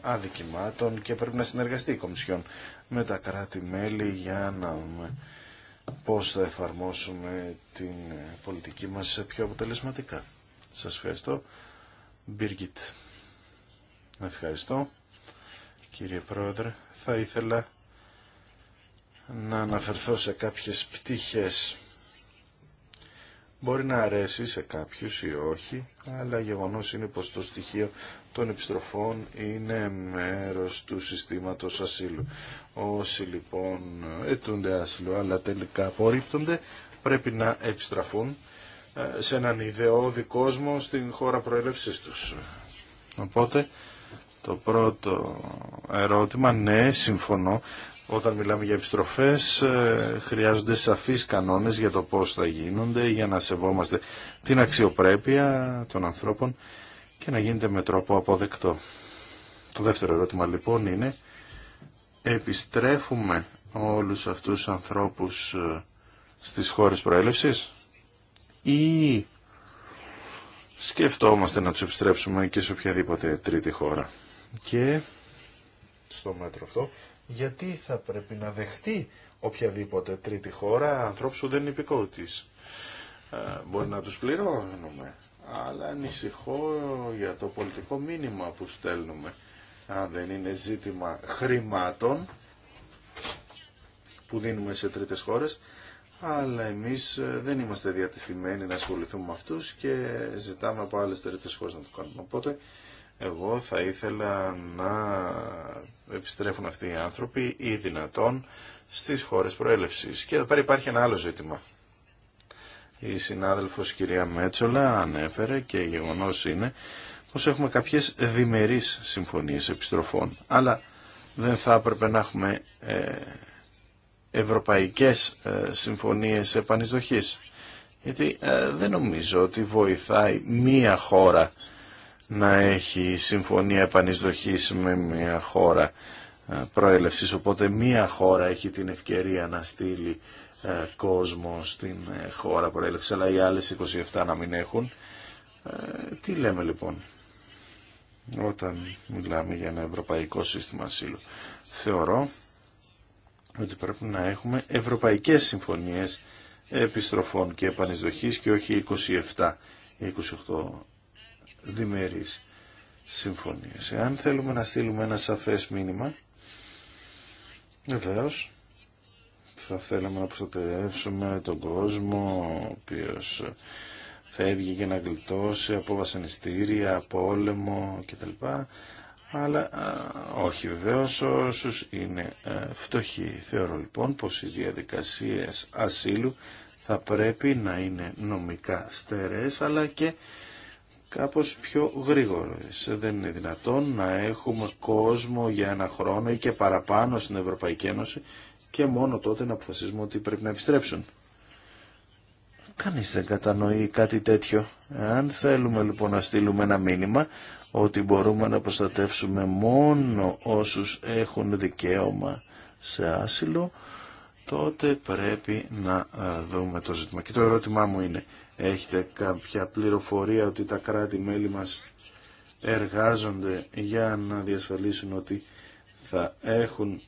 Speaker 1: αδικημάτων και πρέπει να συνεργαστεί η Κομισιόν με τα κράτη-μέλη για να δούμε πώς θα εφαρμόσουμε την πολιτική μας πιο αποτελεσματικά. Σας ευχαριστώ. Μπίργκιτ. Ευχαριστώ. Κύριε Πρόεδρε, θα ήθελα να αναφερθώ σε κάποιες πτυχές. Μπορεί να αρέσει σε κάποιους ή όχι, αλλά γεγονός είναι πως το στοιχείο των επιστροφών είναι μέρος του συστήματος ασύλου. Όσοι λοιπόν ετούνται άσυλο αλλά τελικά απορρίπτονται πρέπει να επιστραφούν ε, σε έναν ιδεώδη κόσμο στην χώρα προέλευσής τους. Οπότε το πρώτο ερώτημα, ναι, συμφωνώ όταν μιλάμε για επιστροφές ε, χρειάζονται σαφείς κανόνες για το πώς θα γίνονται, για να σεβόμαστε την αξιοπρέπεια των ανθρώπων και να γίνεται με τρόπο αποδεκτό. Το δεύτερο ερώτημα λοιπόν είναι επιστρέφουμε όλους αυτούς τους ανθρώπους ε, στις χώρες προέλευσης ή σκεφτόμαστε να τους επιστρέψουμε και σε οποιαδήποτε τρίτη χώρα. Και στο μέτρο αυτό γιατί θα πρέπει να δεχτεί οποιαδήποτε τρίτη χώρα ανθρώπους που δεν είναι υπηκόου ε, Μπορεί να τους πληρώνουμε, αλλά ανησυχώ για το πολιτικό μήνυμα που στέλνουμε. Αν δεν είναι ζήτημα χρημάτων που δίνουμε σε τρίτες χώρες, αλλά εμείς ε, δεν είμαστε διατεθειμένοι να ασχοληθούμε με αυτούς και ζητάμε από άλλες τρίτες χώρες να το κάνουμε. Οπότε εγώ θα ήθελα να επιστρέφουν αυτοί οι άνθρωποι ή δυνατόν στις χώρες προέλευσης. Και εδώ πέρα υπάρχει ένα άλλο ζήτημα. Η συνάδελφος κυρία Μέτσολα ανέφερε και γεγονός είναι πως έχουμε κάποιες διμερείς συμφωνίες επιστροφών. Αλλά δεν θα έπρεπε να έχουμε ε, ευρωπαϊκές ε, συμφωνίες επανεισδοχής. Γιατί ε, δεν νομίζω ότι βοηθάει μία χώρα να έχει συμφωνία επανεισδοχής με μια χώρα ε, προέλευσης. Οπότε μια χώρα έχει την ευκαιρία να στείλει ε, κόσμο στην ε, χώρα προέλευσης, αλλά οι άλλες 27 να μην έχουν. Τι λέμε λοιπόν όταν μιλάμε για ένα ευρωπαϊκό σύστημα ασύλου. Θεωρώ ότι πρέπει να έχουμε ευρωπαϊκές συμφωνίες επιστροφών και επανεισδοχής και όχι 27 ή 28 διμερείς συμφωνίες. Εάν θέλουμε να στείλουμε ένα σαφές μήνυμα, βεβαίω θα θέλαμε να προστατεύσουμε τον κόσμο ο οποίος φεύγει για να γλιτώσει από βασανιστήρια, από όλεμο κτλ. Αλλά όχι βεβαίως όσους είναι α, ε, φτωχοί. Θεωρώ λοιπόν πως οι διαδικασίες ασύλου θα πρέπει να είναι νομικά στερεές αλλά και κάπως πιο γρήγορες. Δεν είναι δυνατόν να έχουμε κόσμο για ένα χρόνο ή και παραπάνω στην Ευρωπαϊκή Ένωση και μόνο τότε να αποφασίσουμε ότι πρέπει να επιστρέψουν. Κανείς δεν κατανοεί κάτι τέτοιο. Αν θέλουμε λοιπόν να στείλουμε ένα μήνυμα ότι μπορούμε να προστατεύσουμε μόνο όσους έχουν δικαίωμα σε άσυλο, τότε πρέπει να ε, δούμε το ζήτημα. Και το ερώτημά μου είναι, έχετε κάποια πληροφορία ότι τα κράτη-μέλη μας εργάζονται για να διασφαλίσουν ότι θα έχουν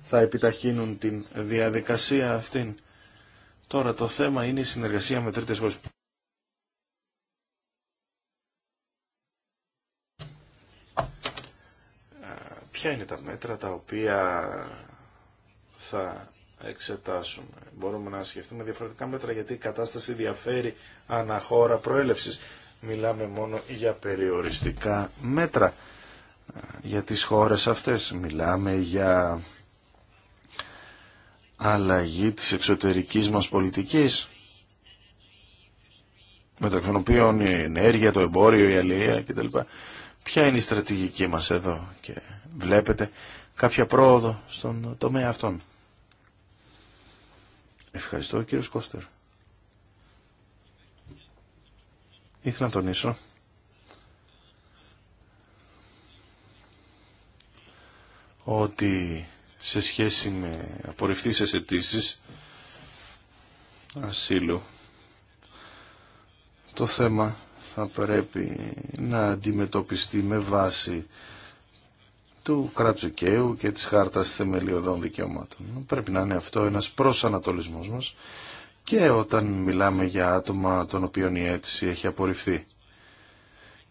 Speaker 1: θα επιταχύνουν την διαδικασία αυτήν. Τώρα το θέμα είναι η συνεργασία με τρίτες χώρες. ποια είναι τα μέτρα τα οποία θα εξετάσουμε. Μπορούμε να σκεφτούμε διαφορετικά μέτρα γιατί η κατάσταση διαφέρει αναχώρα χώρα προέλευσης. Μιλάμε μόνο για περιοριστικά μέτρα για τις χώρες αυτές. Μιλάμε για αλλαγή της εξωτερικής μας πολιτικής μεταξύ των οποίων η ενέργεια, το εμπόριο, η αλληλεία κτλ. Ποια είναι η στρατηγική μας εδώ και βλέπετε κάποια πρόοδο στον τομέα αυτών. Ευχαριστώ κύριος Κώστερ. Ήθελα να τονίσω ότι σε σχέση με απορριφθήσεις αιτήσει ασύλου το θέμα θα πρέπει να αντιμετωπιστεί με βάση του κράτους και της χάρτας θεμελιωδών δικαιωμάτων. Πρέπει να είναι αυτό ένας προσανατολισμός μας και όταν μιλάμε για άτομα των οποίων η αίτηση έχει απορριφθεί.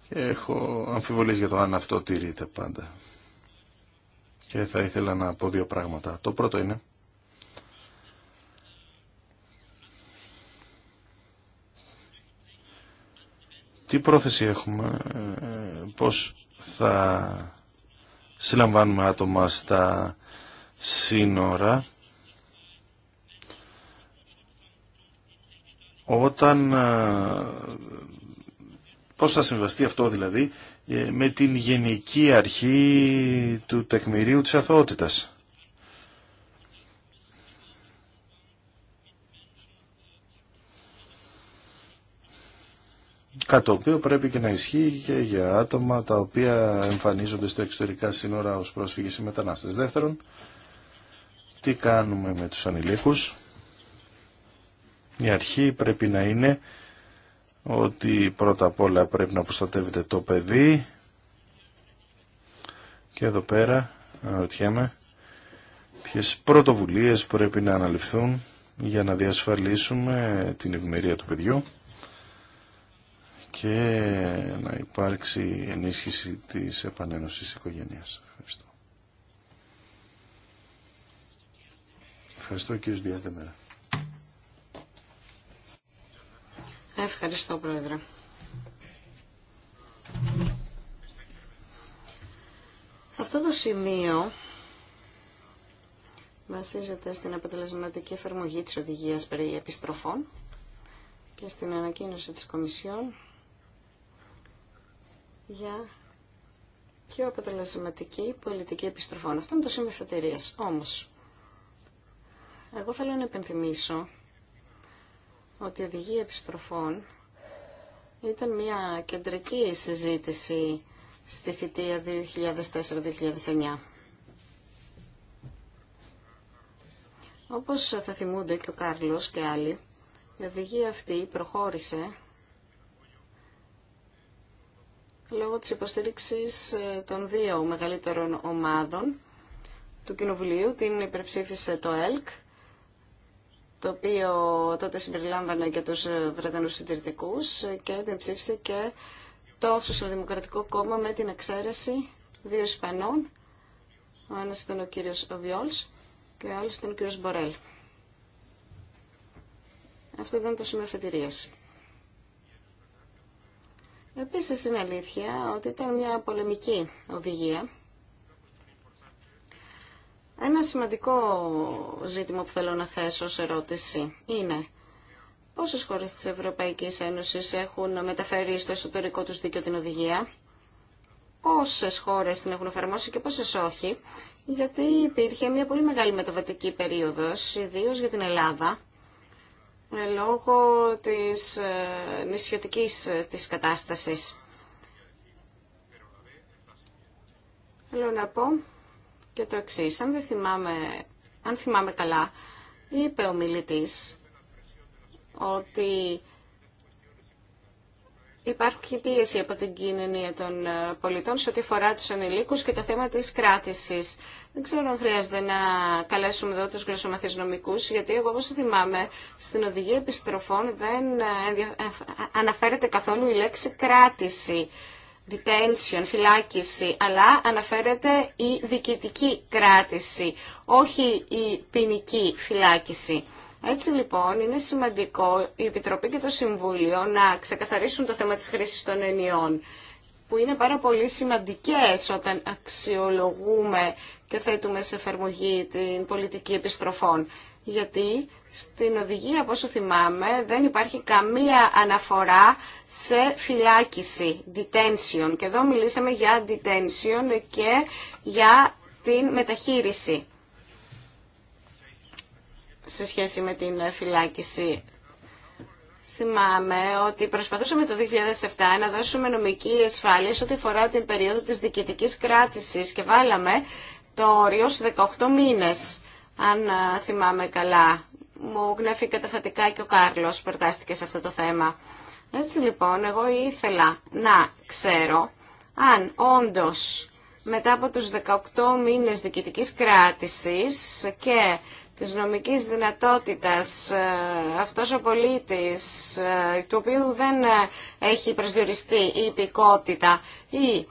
Speaker 1: Και έχω αμφιβολίες για το αν αυτό τηρείται πάντα. Και θα ήθελα να πω δύο πράγματα. Το πρώτο είναι τι πρόθεση έχουμε, ε, πώς θα συλλαμβάνουμε άτομα στα σύνορα όταν ε, πώς θα συμβαστεί αυτό δηλαδή ε, με την γενική αρχή του τεκμηρίου της αθωότητας. Κάτι το οποίο πρέπει και να ισχύει και για άτομα τα οποία εμφανίζονται στα εξωτερικά σύνορα ως πρόσφυγες ή μετανάστες. Δεύτερον, τι κάνουμε με τους ανηλίκους. Η αρχή πρέπει να είναι ότι πρώτα απ' όλα πρέπει να προστατεύεται το παιδί και εδώ πέρα αναρωτιέμαι ποιες πρωτοβουλίες πρέπει να αναλυφθούν για να διασφαλίσουμε την ευημερία του παιδιού και να υπάρξει ενίσχυση της επανένωσης οικογένειας. Ευχαριστώ. Ευχαριστώ κύριος Διάς Δεμέρα.
Speaker 2: Ευχαριστώ πρόεδρε. Αυτό το σημείο βασίζεται στην αποτελεσματική εφαρμογή της οδηγίας περί επιστροφών και στην ανακοίνωση της Κομισιόν για πιο αποτελεσματική πολιτική επιστροφών. Αυτό είναι το σημείο εφετηρίας. Όμως, εγώ θέλω να επενθυμίσω ότι η οδηγία επιστροφών ήταν μια κεντρική συζήτηση στη θητεία 2004-2009. Όπως θα θυμούνται και ο Κάρλος και άλλοι, η οδηγία αυτή προχώρησε λόγω της υποστήριξης ε, των δύο μεγαλύτερων ομάδων του Κοινοβουλίου, την υπερψήφισε το ΕΛΚ, το οποίο τότε συμπεριλάμβανε και τους ε, Βρετανούς συντηρητικούς ε, και την ψήφισε και το Σοσιαλδημοκρατικό Κόμμα με την εξαίρεση δύο Ισπανών, ο ένας ήταν ο κύριος Βιόλς και ο άλλος ήταν ο κύριος Μπορέλ. Αυτό ήταν το σημείο Επίσης είναι αλήθεια ότι ήταν μια πολεμική οδηγία. Ένα σημαντικό ζήτημα που θέλω να θέσω σε ερώτηση είναι πόσες χώρες της Ευρωπαϊκής Ένωσης έχουν μεταφέρει στο εσωτερικό τους δίκαιο την οδηγία, πόσες χώρες την έχουν εφαρμόσει και πόσες όχι, γιατί υπήρχε μια πολύ μεγάλη μεταβατική περίοδος, ιδίως για την Ελλάδα, λόγω της ε, νησιωτικής ε, της κατάστασης. Θέλω να πω και το εξή. Αν, θυμάμαι, αν θυμάμαι καλά, είπε ο μιλητής ότι υπάρχει πίεση από την κοινωνία των ε, πολιτών σε ό,τι αφορά τους ανηλίκους και το θέμα της κράτησης. Δεν ξέρω αν χρειάζεται να καλέσουμε εδώ τους γλωσσομαθείς νομικούς, γιατί εγώ όπως θυμάμαι στην οδηγία επιστροφών δεν ε, ε, αναφέρεται καθόλου η λέξη κράτηση, detention, φυλάκιση, αλλά αναφέρεται η διοικητική κράτηση, όχι η ποινική φυλάκιση. Έτσι λοιπόν είναι σημαντικό η Επιτροπή και το Συμβούλιο να ξεκαθαρίσουν το θέμα της χρήσης των ενιών που είναι πάρα πολύ σημαντικές όταν αξιολογούμε και θέτουμε σε εφαρμογή την πολιτική επιστροφών. Γιατί στην οδηγία, από θυμάμαι, δεν υπάρχει καμία αναφορά σε φυλάκιση, detention. Και εδώ μιλήσαμε για detention και για την μεταχείριση σε σχέση με την φυλάκιση. Θυμάμαι ότι προσπαθούσαμε το 2007 να δώσουμε νομική ασφάλεια σε ό,τι αφορά την περίοδο της διοικητικής κράτησης και βάλαμε το όριο σε 18 μήνες, αν ε, θυμάμαι καλά. Μου γνέφει καταφατικά και ο Κάρλος που σε αυτό το θέμα. Έτσι λοιπόν, εγώ ήθελα να ξέρω αν όντως μετά από τους 18 μήνες διοικητικής κράτησης και της νομικής δυνατότητας ε, αυτός ο πολίτης ε, του οποίου δεν έχει προσδιοριστεί η υπηκότητα ή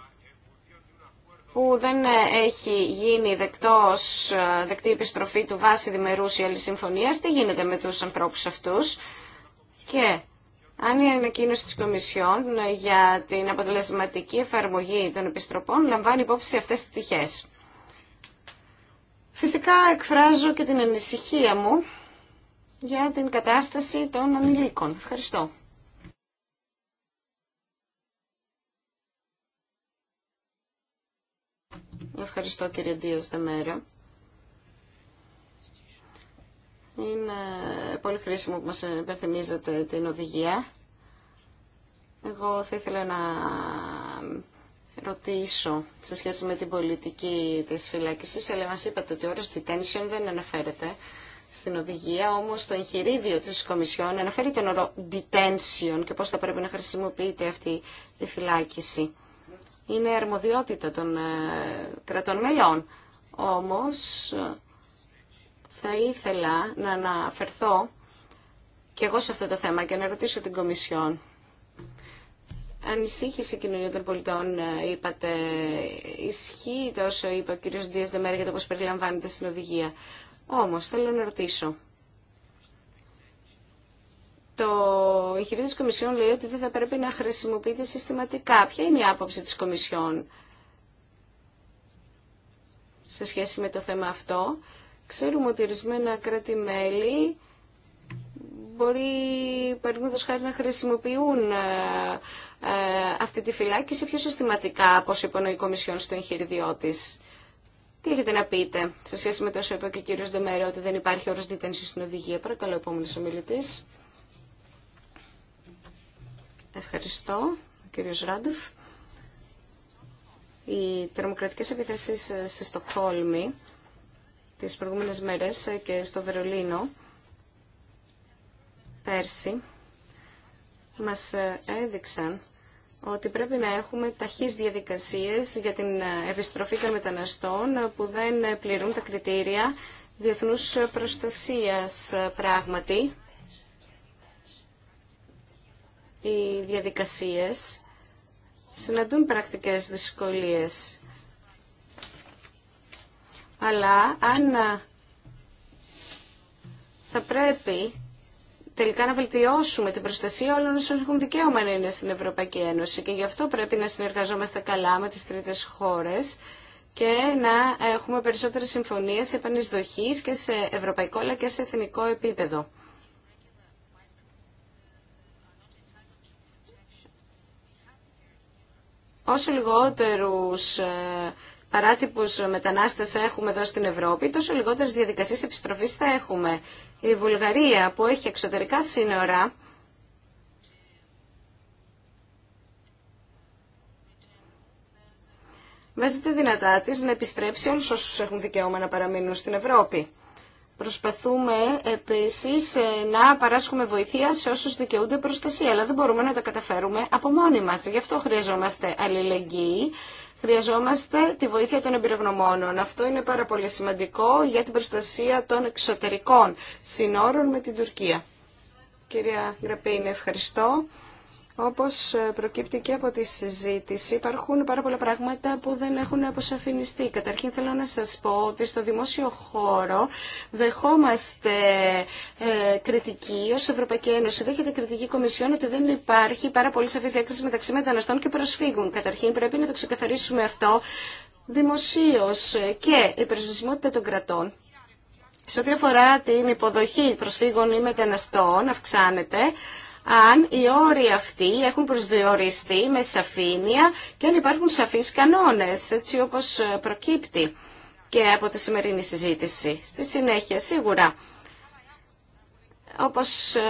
Speaker 2: που δεν έχει γίνει δεκτός, ε, δεκτή επιστροφή του βάση διμερούς ή άλλη συμφωνίας, τι γίνεται με τους ανθρώπους αυτούς. Και αν η ανακοίνωση της Κομισιόν ε, για την αποτελεσματική εφαρμογή των επιστροπών λαμβάνει υπόψη αυτές τις τυχές. Φυσικά εκφράζω και την ανησυχία μου για την κατάσταση των ανηλίκων. Ευχαριστώ. Ευχαριστώ κύριε Δίας Δεμέρα. Είναι πολύ χρήσιμο που μας υπενθυμίζετε την οδηγία. Εγώ θα ήθελα να ρωτήσω σε σχέση με την πολιτική της φυλάκησης αλλά μας είπατε ότι ο όρος detention δεν αναφέρεται στην οδηγία, όμως το εγχειρίδιο της Κομισιόν αναφέρει τον όρο detention και πώς θα πρέπει να χρησιμοποιείται αυτή η φυλάκηση είναι αρμοδιότητα των ε, κρατών μελών. Όμως ε, θα ήθελα να αναφερθώ και εγώ σε αυτό το θέμα και να ρωτήσω την Κομισιόν. Ανησύχηση κοινωνία των πολιτών, ε, είπατε, ισχύει τόσο είπε ο κ. Δίας Δεμέρα για το πώς περιλαμβάνεται στην οδηγία. Όμως θέλω να ρωτήσω, το εγχειρίδιο της Κομισιόν λέει ότι δεν θα πρέπει να χρησιμοποιείται συστηματικά. Ποια είναι η άποψη της Κομισιόν σε σχέση με το θέμα αυτό. Ξέρουμε ότι ορισμένα κράτη-μέλη μπορεί παραδείγματος χάρη να χρησιμοποιούν ε, ε, αυτή τη σε πιο συστηματικά όπως είπε υπονοεί η Κομισιόν στο εγχειριδιό τη. Τι έχετε να πείτε σε σχέση με το όσο είπε και ο κύριο Δεμέρε ότι δεν υπάρχει όρος στην οδηγία. Παρακαλώ, επόμενο ομιλητή. Ευχαριστώ, κύριο Ράντεφ. Οι τρομοκρατικές επιθέσεις ε, στη Στοκχόλμη τις προηγούμενες μέρες ε, και στο Βερολίνο πέρσι μας ε, έδειξαν ότι πρέπει να έχουμε ταχείς διαδικασίες για την επιστροφή των μεταναστών που δεν πληρούν τα κριτήρια διεθνούς προστασίας πράγματι οι διαδικασίες συναντούν πρακτικές δυσκολίες. Αλλά αν θα πρέπει τελικά να βελτιώσουμε την προστασία όλων όσων έχουν δικαίωμα να είναι στην Ευρωπαϊκή Ένωση και γι' αυτό πρέπει να συνεργαζόμαστε καλά με τις τρίτες χώρες και να έχουμε περισσότερες συμφωνίες επανεισδοχής και σε ευρωπαϊκό αλλά και σε εθνικό επίπεδο. Όσο λιγότερους ε, παράτυπους μετανάστες έχουμε εδώ στην Ευρώπη, τόσο λιγότερες διαδικασίες επιστροφής θα έχουμε. Η Βουλγαρία που έχει εξωτερικά σύνορα, βάζεται δυνατά της να επιστρέψει όλους όσους έχουν δικαίωμα να παραμείνουν στην Ευρώπη. Προσπαθούμε επίσης ε, να παράσχουμε βοηθεία σε όσους δικαιούνται προστασία, αλλά δεν μπορούμε να τα καταφέρουμε από μόνοι μας. Γι' αυτό χρειαζόμαστε αλληλεγγύη, χρειαζόμαστε τη βοήθεια των εμπειρογνωμόνων. Αυτό είναι πάρα πολύ σημαντικό για την προστασία των εξωτερικών συνόρων με την Τουρκία. Κυρία Γραπίνη, ευχαριστώ. Όπως ε, προκύπτει και από τη συζήτηση, υπάρχουν πάρα πολλά πράγματα που δεν έχουν αποσαφινιστεί. Καταρχήν θέλω να σας πω ότι στο δημόσιο χώρο δεχόμαστε ε, κριτική ως Ευρωπαϊκή Ένωση. Δέχεται κριτική κομισιόν ότι δεν υπάρχει πάρα πολύ σαφής διάκριση μεταξύ μεταναστών και προσφύγων. Καταρχήν πρέπει να το ξεκαθαρίσουμε αυτό δημοσίως και η προσβασιμότητα των κρατών. Σε ό,τι αφορά την υποδοχή προσφύγων ή μεταναστών αυξάνεται, αν οι όροι αυτοί έχουν προσδιοριστεί με σαφήνεια και αν υπάρχουν σαφείς κανόνες, έτσι όπως ε, προκύπτει και από τη σημερινή συζήτηση. Στη συνέχεια, σίγουρα, όπως ε,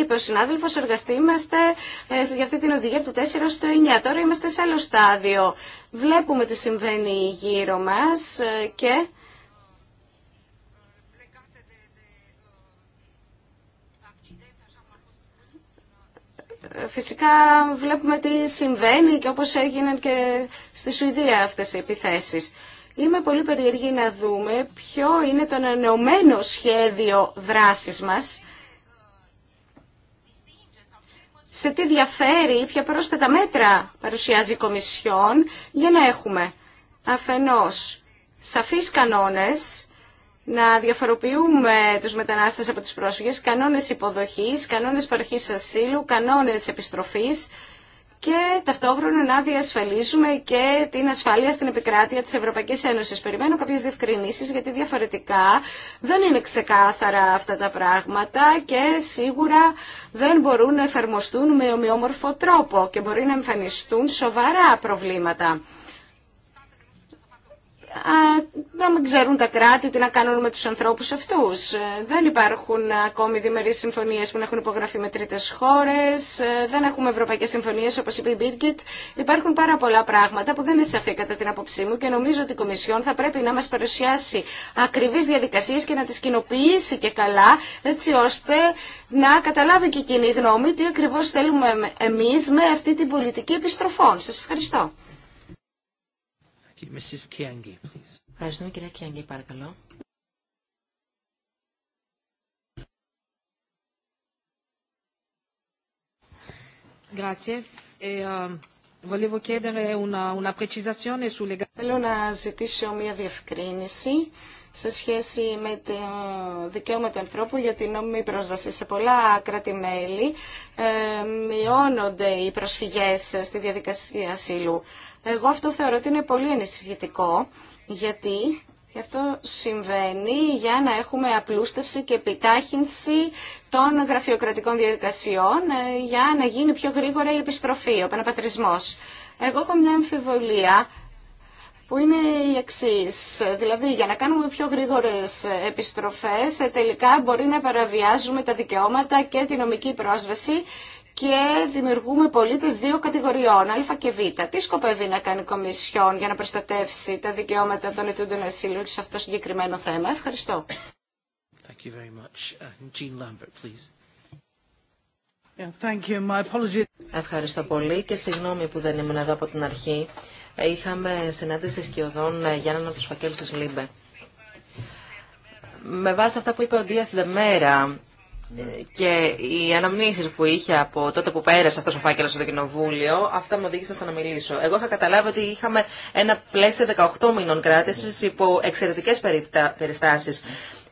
Speaker 2: είπε ο συνάδελφος, εργαστήμαστε ε, για αυτή την οδηγία από το 4 στο 9. Τώρα είμαστε σε άλλο στάδιο. Βλέπουμε τι συμβαίνει γύρω μας και Φυσικά βλέπουμε τι συμβαίνει και όπως έγιναν και στη Σουηδία αυτές οι επιθέσεις. Είμαι πολύ περίεργη να δούμε ποιο είναι το ανανεωμένο σχέδιο δράσης μας, σε τι διαφέρει, ποια πρόσθετα μέτρα παρουσιάζει η Κομισιόν για να έχουμε αφενός σαφείς κανόνες να διαφοροποιούμε τους μετανάστες από τους πρόσφυγες, κανόνες υποδοχής, κανόνες παροχής ασύλου, κανόνες επιστροφής και ταυτόχρονα να διασφαλίσουμε και την ασφάλεια στην επικράτεια της Ευρωπαϊκής Ένωσης. Περιμένω κάποιες διευκρινήσεις γιατί διαφορετικά δεν είναι ξεκάθαρα αυτά τα πράγματα και σίγουρα δεν μπορούν να εφαρμοστούν με ομοιόμορφο τρόπο και μπορεί να εμφανιστούν σοβαρά προβλήματα να μην ξέρουν τα κράτη τι να κάνουν με τους ανθρώπους αυτούς. Ε, δεν υπάρχουν ακόμη διμερείς συμφωνίες που να έχουν υπογραφεί με τρίτες χώρες, ε, δεν έχουμε ευρωπαϊκές συμφωνίες όπως είπε η Birgit. Υπάρχουν πάρα πολλά πράγματα που δεν είναι σαφή κατά την άποψή μου και νομίζω ότι η Κομισιόν θα πρέπει να μας παρουσιάσει ακριβείς διαδικασίες και να τις κοινοποιήσει και καλά έτσι ώστε να καταλάβει και εκείνη η γνώμη τι ακριβώς θέλουμε εμείς με αυτή την πολιτική επιστροφών. Σας ευχαριστώ.
Speaker 3: Ευχαριστούμε κυρία Κιάνγκη, παρακαλώ.
Speaker 2: E, um, Θέλω να ζητήσω μια διευκρίνηση σε σχέση με το δικαίωμα του ανθρώπου για την νόμιμη πρόσβαση. Σε πολλά κράτη-μέλη ε, μειώνονται οι προσφυγές στη διαδικασία ασύλου. Εγώ αυτό θεωρώ ότι είναι πολύ ενισχυτικό, γιατί και αυτό συμβαίνει για να έχουμε απλούστευση και επιτάχυνση των γραφειοκρατικών διαδικασιών ε, για να γίνει πιο γρήγορα η επιστροφή, ο επαναπατρισμός. Εγώ έχω μια αμφιβολία που είναι η εξή. Δηλαδή, για να κάνουμε πιο γρήγορε επιστροφές ε, τελικά μπορεί να παραβιάζουμε τα δικαιώματα και τη νομική πρόσβαση και δημιουργούμε πολίτε δύο κατηγοριών, Α και Β. Τι σκοπεύει να κάνει η Κομισιόν για να προστατεύσει τα δικαιώματα των ετούντων ασύλων σε αυτό το συγκεκριμένο θέμα. Ευχαριστώ.
Speaker 3: Ευχαριστώ πολύ και συγγνώμη που δεν ήμουν εδώ από την αρχή. Είχαμε συνάντηση σκιωδών ε, για έναν από του φακέλου τη Λίμπε. Με βάση αυτά που είπε ο Ντία Δεμέρα, και οι αναμνήσεις που είχε από τότε που πέρασε αυτός ο φάκελος στο κοινοβούλιο, αυτά μου οδήγησαν στο να μιλήσω. Εγώ είχα καταλάβει ότι είχαμε ένα πλαίσιο 18 μήνων κράτησης υπό εξαιρετικές περιστάσεις.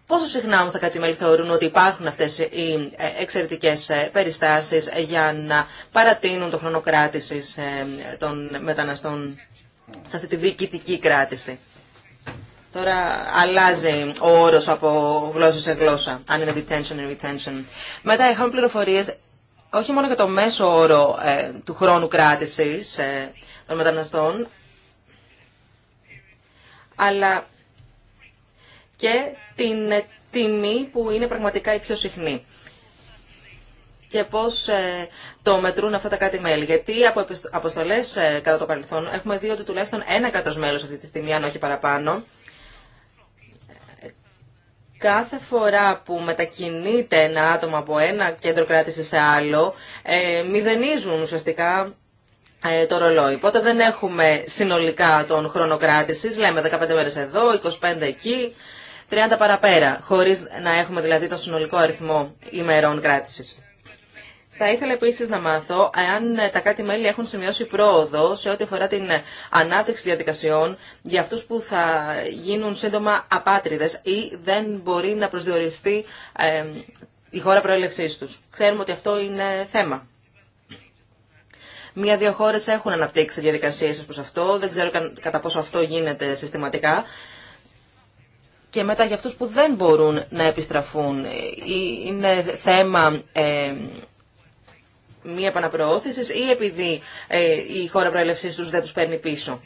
Speaker 3: Πόσο συχνά όμως τα κρατη θεωρούν ότι υπάρχουν αυτές οι ε, εξαιρετικές ε, περιστάσεις για να παρατείνουν το χρόνο ε, των μεταναστών σε αυτή τη διοικητική κράτηση. Τώρα αλλάζει ο όρος από γλώσσα σε γλώσσα, αν είναι detention ή retention. Μετά είχαμε πληροφορίες όχι μόνο για το μέσο όρο ε, του χρόνου κράτησης ε, των μεταναστών, αλλά και την ε, τιμή που είναι πραγματικά η πιο συχνή και πώς το μετρούν αυτά τα κράτη-μέλη. Γιατί από αποστολές κατά το παρελθόν έχουμε δει ότι τουλάχιστον ένα κράτος μέλος αυτή τη στιγμή, αν όχι παραπάνω, κάθε φορά που μετακινείται ένα άτομο από ένα κέντρο κράτηση σε άλλο, ε, μηδενίζουν ουσιαστικά ε, το ρολόι. Οπότε δεν έχουμε συνολικά τον χρόνο κράτηση. Λέμε 15 μέρε εδώ, 25 εκεί, 30 παραπέρα, χωρίς να έχουμε δηλαδή τον συνολικό αριθμό ημερών κράτηση. Θα ήθελα επίση να μάθω αν τα κράτη-μέλη έχουν σημειώσει πρόοδο σε ό,τι αφορά την ανάπτυξη διαδικασιών για αυτούς που θα γίνουν σύντομα απάτριδες ή δεν μπορεί να προσδιοριστεί η χώρα η χωρα προελευση τους. Ξέρουμε ότι αυτό είναι θέμα. Μία-δύο χώρε έχουν αναπτύξει διαδικασίε προ αυτό. Δεν ξέρω κατά πόσο αυτό γίνεται συστηματικά. Και μετά για αυτούς που δεν μπορούν να επιστραφούν. Ε, είναι θέμα ε, μία επαναπροώθηση ή επειδή ε, η χώρα προέλευσή του δεν του παίρνει πίσω.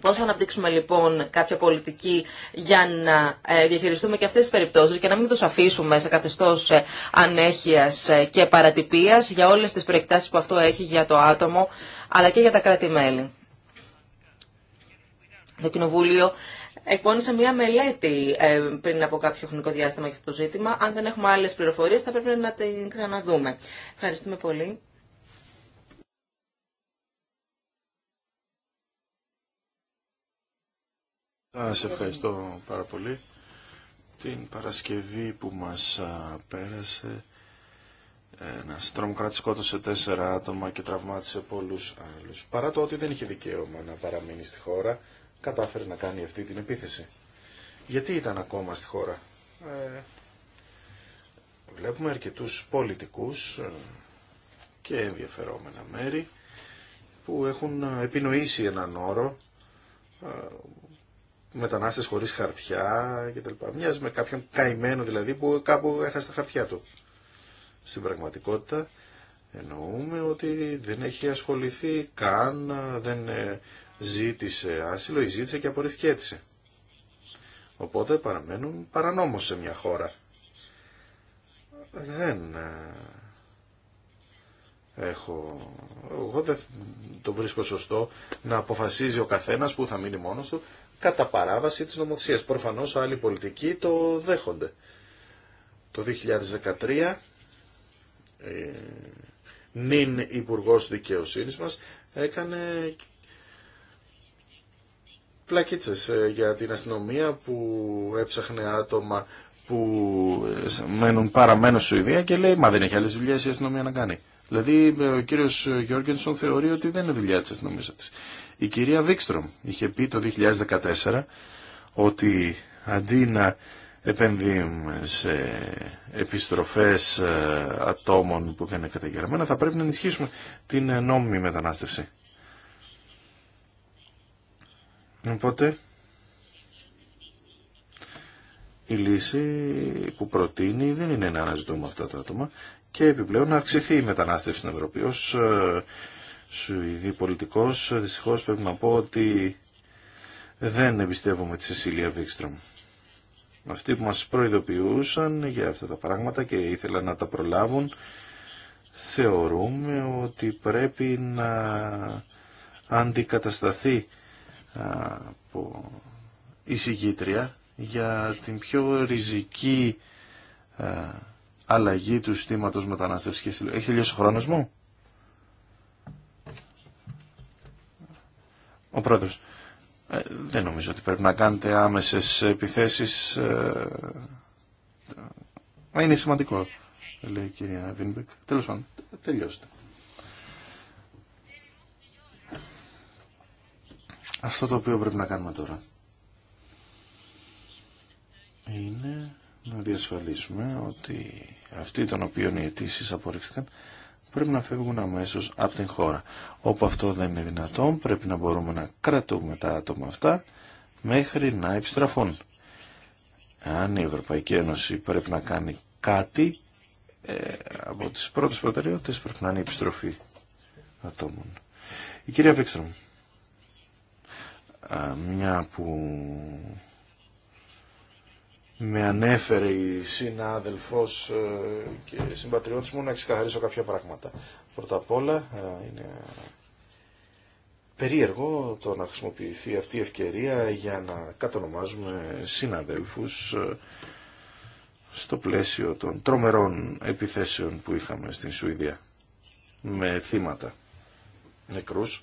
Speaker 3: Πώς θα αναπτύξουμε λοιπόν κάποια πολιτική για να ε, διαχειριστούμε και αυτές τις περιπτώσεις και να μην τους αφήσουμε σε καθεστώς ε, ανέχειας και παρατυπίας για όλες τις προεκτάσεις που αυτό έχει για το άτομο αλλά και για τα κράτη-μέλη. Το Κοινοβούλιο εκπώνησε μία μελέτη ε, πριν από κάποιο χρονικό διάστημα για αυτό το ζήτημα. Αν δεν έχουμε άλλες πληροφορίες θα πρέπει να την ξαναδούμε. Ευχαριστούμε πολύ.
Speaker 1: Σας ευχαριστώ πάρα πολύ. Την Παρασκευή που μας πέρασε ένα τρομοκράτη σκότωσε τέσσερα άτομα και τραυμάτισε πολλούς άλλους. Παρά το ότι δεν είχε δικαίωμα να παραμείνει στη χώρα, κατάφερε να κάνει αυτή την επίθεση. Γιατί ήταν ακόμα στη χώρα. Ε, βλέπουμε αρκετούς πολιτικούς ε, και ενδιαφερόμενα μέρη που έχουν ε, επινοήσει έναν όρο ε, μετανάστες χωρίς χαρτιά κτλ. Μοιάζει με κάποιον καημένο δηλαδή που κάπου έχασε τα χαρτιά του. Στην πραγματικότητα εννοούμε ότι δεν έχει ασχοληθεί καν, δεν ζήτησε άσυλο ή ζήτησε και απορριφκέτησε. Οπότε παραμένουν παρανόμως σε μια χώρα. Δεν ε, έχω... Εγώ δεν το βρίσκω σωστό να αποφασίζει ο καθένας που θα μείνει μόνος του κατά παράβαση της νομοθεσίας. Προφανώς άλλοι πολιτικοί το δέχονται. Το 2013 ε, νυν υπουργό Δικαιοσύνης μας έκανε πλακίτσες ε, για την αστυνομία που έψαχνε άτομα που ε, μένουν παραμένουν στη Σουηδία και λέει μα δεν έχει άλλες δουλειές η αστυνομία να κάνει. Δηλαδή ε, ο κύριος Γιώργενσον θεωρεί ότι δεν είναι δουλειά της αστυνομίας αυτής. Η κυρία Βίξτρομ είχε πει το 2014 ότι αντί να επενδύουμε σε επιστροφές ατόμων που δεν είναι καταγεγραμμένα θα πρέπει να ενισχύσουμε την νόμιμη μετανάστευση. Οπότε η λύση που προτείνει δεν είναι να αναζητούμε αυτά τα άτομα και επιπλέον να αυξηθεί η μετανάστευση στην Ευρώπη. Ως ε, Σουηδί πολιτικός δυστυχώς πρέπει να πω ότι δεν εμπιστεύομαι τη Σεσίλια Βίξτρομ. Αυτοί που μας προειδοποιούσαν για αυτά τα πράγματα και ήθελαν να τα προλάβουν θεωρούμε ότι πρέπει να αντικατασταθεί από εισηγήτρια για την πιο ριζική αλλαγή του συστήματος μετανάστευσης συλλογής. Έχει τελειώσει ο χρόνος μου. Ο πρόεδρος. Ε, δεν νομίζω ότι πρέπει να κάνετε άμεσες επιθέσεις. Ε, ε, είναι σημαντικό, λέει η κυρία Βίνμπεκ. Τέλος πάντων, τελειώστε. Αυτό το οποίο πρέπει να κάνουμε τώρα είναι να διασφαλίσουμε ότι αυτοί των οποίων οι αιτήσει απορρίφθηκαν πρέπει να φεύγουν αμέσως από την χώρα. Όπου αυτό δεν είναι δυνατόν πρέπει να μπορούμε να κρατούμε τα άτομα αυτά μέχρι να επιστραφούν. Αν η Ευρωπαϊκή Ένωση πρέπει να κάνει κάτι, ε, από τις πρώτες προτεραιότητες πρέπει να είναι η επιστροφή ατόμων. Η κυρία Βίξτρομ μια που με ανέφερε η συνάδελφος ε, και συμπατριώτης μου να ξεκαθαρίσω κάποια πράγματα. Πρώτα απ' όλα ε, είναι περίεργο το να χρησιμοποιηθεί αυτή η ευκαιρία για να κατονομάζουμε συναδέλφους ε, στο πλαίσιο των τρομερών επιθέσεων που είχαμε στην Σουηδία με θύματα νεκρούς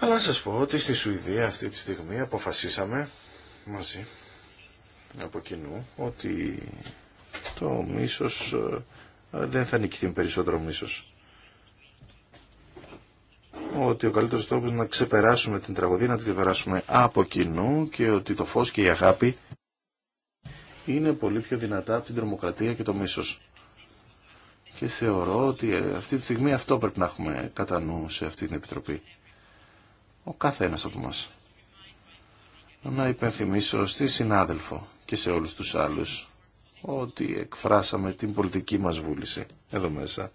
Speaker 1: αλλά σας πω ότι στη Σουηδία αυτή τη στιγμή αποφασίσαμε μαζί από κοινού ότι το μίσος ε, δεν θα νικηθεί με περισσότερο μίσος. Ότι ο καλύτερος τρόπος να ξεπεράσουμε την τραγωδία, να την ξεπεράσουμε από κοινού και ότι το φως και η αγάπη είναι πολύ πιο δυνατά από την τρομοκρατία και το μίσος. Και θεωρώ ότι ε, αυτή τη στιγμή αυτό πρέπει να έχουμε κατά νου σε αυτή την Επιτροπή ο καθένας από μας. Να υπενθυμίσω στη συνάδελφο και σε όλους τους άλλους ότι εκφράσαμε την πολιτική μας βούληση εδώ μέσα.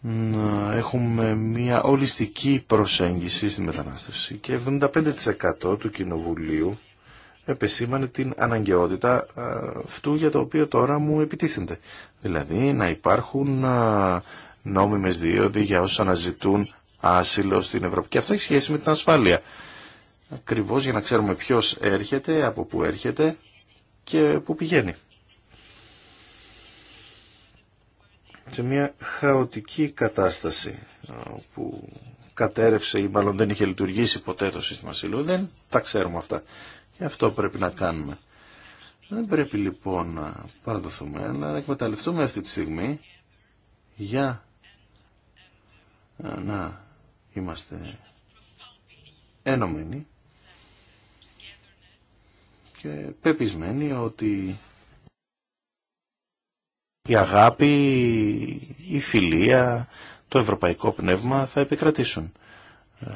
Speaker 1: Να έχουμε μια ολιστική προσέγγιση στη μετανάστευση και 75% του Κοινοβουλίου επεσήμανε την αναγκαιότητα ε, αυτού για το οποίο τώρα μου επιτίθενται. Δηλαδή να υπάρχουν ε, νόμιμες δίωδοι για όσους αναζητούν άσυλο στην Ευρώπη. Και αυτό έχει σχέση με την ασφάλεια. Ακριβώς για να ξέρουμε ποιος έρχεται, από πού έρχεται και πού πηγαίνει. Σε μια χαοτική κατάσταση ε, που κατέρευσε ή μάλλον δεν είχε λειτουργήσει ποτέ το σύστημα ασύλου, δεν τα ξέρουμε αυτά. Και αυτό πρέπει να κάνουμε. Δεν πρέπει λοιπόν να παραδοθούμε, να εκμεταλλευτούμε αυτή τη στιγμή για ε, να είμαστε ενωμένοι και πεπισμένοι ότι η αγάπη, η φιλία, το ευρωπαϊκό πνεύμα θα επικρατήσουν. Ε,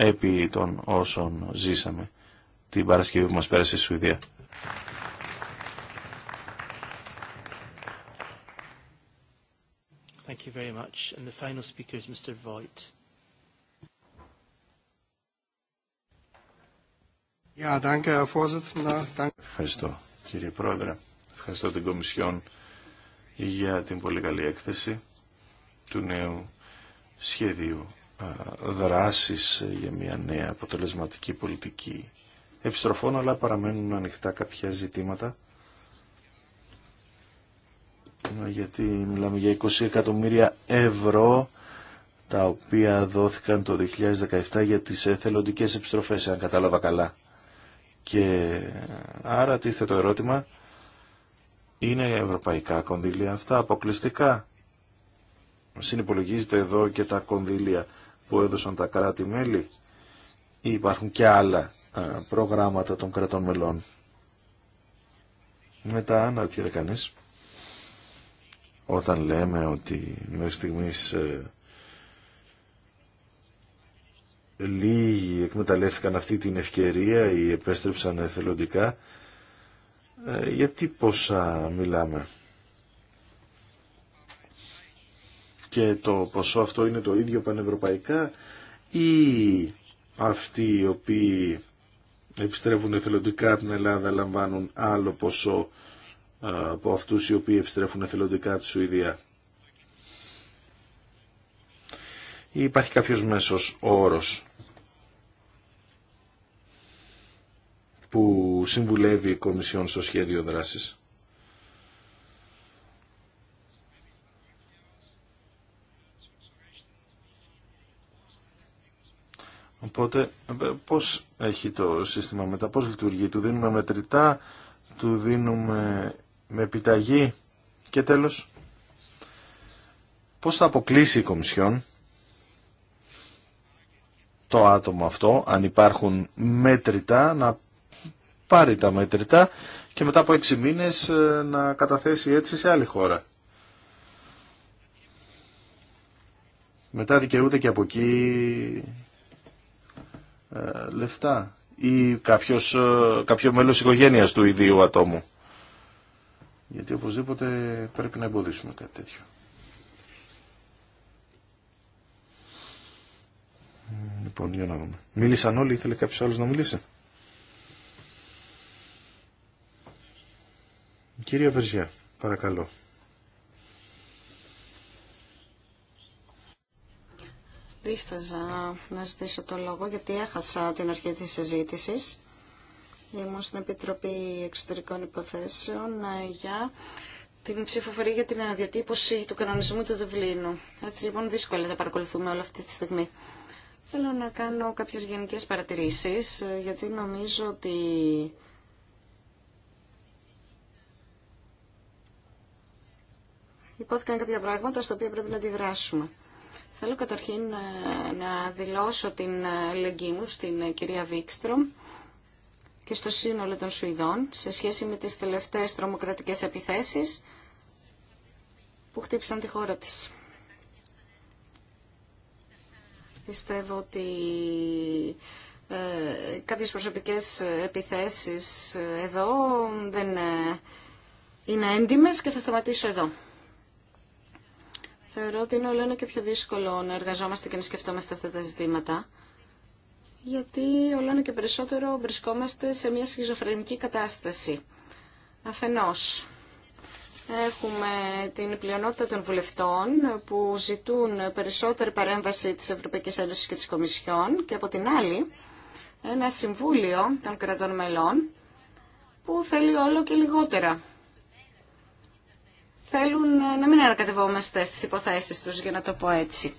Speaker 1: επί των όσων ζήσαμε την Παρασκευή που μας πέρασε στη Σουηδία. Ευχαριστώ, κύριε Πρόεδρε. Ευχαριστώ την Κομισιόν για την πολύ καλή έκθεση του νέου σχεδίου δράσεις για μια νέα αποτελεσματική πολιτική επιστροφών, αλλά παραμένουν ανοιχτά κάποια ζητήματα γιατί μιλάμε για 20 εκατομμύρια ευρώ τα οποία δόθηκαν το 2017 για τις εθελοντικές επιστροφές, αν κατάλαβα καλά. Και άρα τίθεται το ερώτημα, είναι ευρωπαϊκά κονδύλια αυτά αποκλειστικά. Συνυπολογίζεται εδώ και τα κονδύλια που έδωσαν τα κράτη-μέλη ή υπάρχουν και άλλα ε, προγράμματα των κρατών μελών. Μετά αναρωτιέται κανεί. όταν λέμε ότι μέχρι στιγμής ε, λίγοι εκμεταλλεύτηκαν αυτή την ευκαιρία ή επέστρεψαν εθελοντικά, ε, γιατί πόσα μιλάμε. και το ποσό αυτό είναι το ίδιο πανευρωπαϊκά ή αυτοί οι οποίοι επιστρέφουν εθελοντικά από την Ελλάδα λαμβάνουν άλλο ποσό ε, από αυτούς οι οποίοι επιστρέφουν εθελοντικά από τη Σουηδία. Ή υπάρχει κάποιος μέσος όρος που συμβουλεύει η Κομισιόν στο σχέδιο δράσης. Οπότε ε, πώς έχει το σύστημα μετά, πώς λειτουργεί, του δίνουμε μετρητά, του δίνουμε με επιταγή και τέλος πώς θα αποκλείσει η Κομισιόν το άτομο αυτό, αν υπάρχουν μέτρητά, να πάρει τα μέτρητά και μετά από έξι μήνες ε, να καταθέσει έτσι σε άλλη χώρα. Μετά δικαιούται και από εκεί ε, λεφτά ή κάποιος, ε, κάποιο μέλος οικογένειας του ιδίου ατόμου. Γιατί οπωσδήποτε πρέπει να εμποδίσουμε κάτι τέτοιο. Λοιπόν, για να δούμε. Μίλησαν όλοι, ήθελε κάποιος άλλος να μιλήσει. Κύριε Βερζιά, παρακαλώ.
Speaker 2: δίσταζα να ζητήσω το λόγο γιατί έχασα την αρχή της συζήτηση. Ήμουν στην Επιτροπή Εξωτερικών Υποθέσεων ε, για την ψηφοφορία για την αναδιατύπωση του κανονισμού του Δουβλίνου. Έτσι λοιπόν δύσκολα τα παρακολουθούμε όλα αυτή τη στιγμή. Θέλω να κάνω κάποιες γενικές παρατηρήσεις ε, γιατί νομίζω ότι υπόθηκαν κάποια πράγματα στα οποία πρέπει να αντιδράσουμε. Θέλω καταρχήν ε, να δηλώσω την ε, αλληλεγγύη μου στην ε, κυρία Βίξτρομ και στο σύνολο των Σουηδών σε σχέση με τις τελευταίες τρομοκρατικές επιθέσεις που χτύπησαν τη χώρα της. Πιστεύω ότι ε, κάποιες προσωπικές επιθέσεις εδώ δεν είναι έντιμες και θα σταματήσω εδώ. Θεωρώ ότι είναι όλο ένα και πιο δύσκολο να εργαζόμαστε και να σκεφτόμαστε αυτά τα ζητήματα. Γιατί όλο ένα και περισσότερο βρισκόμαστε σε μια σχιζοφρενική κατάσταση. Αφενός, Έχουμε την πλειονότητα των βουλευτών που ζητούν περισσότερη παρέμβαση της Ευρωπαϊκής Ένωσης και της Κομισιόν και από την άλλη ένα συμβούλιο των κρατών μελών που θέλει όλο και λιγότερα θέλουν ε, να μην ανακατευόμαστε στις υποθέσεις τους, για να το πω έτσι.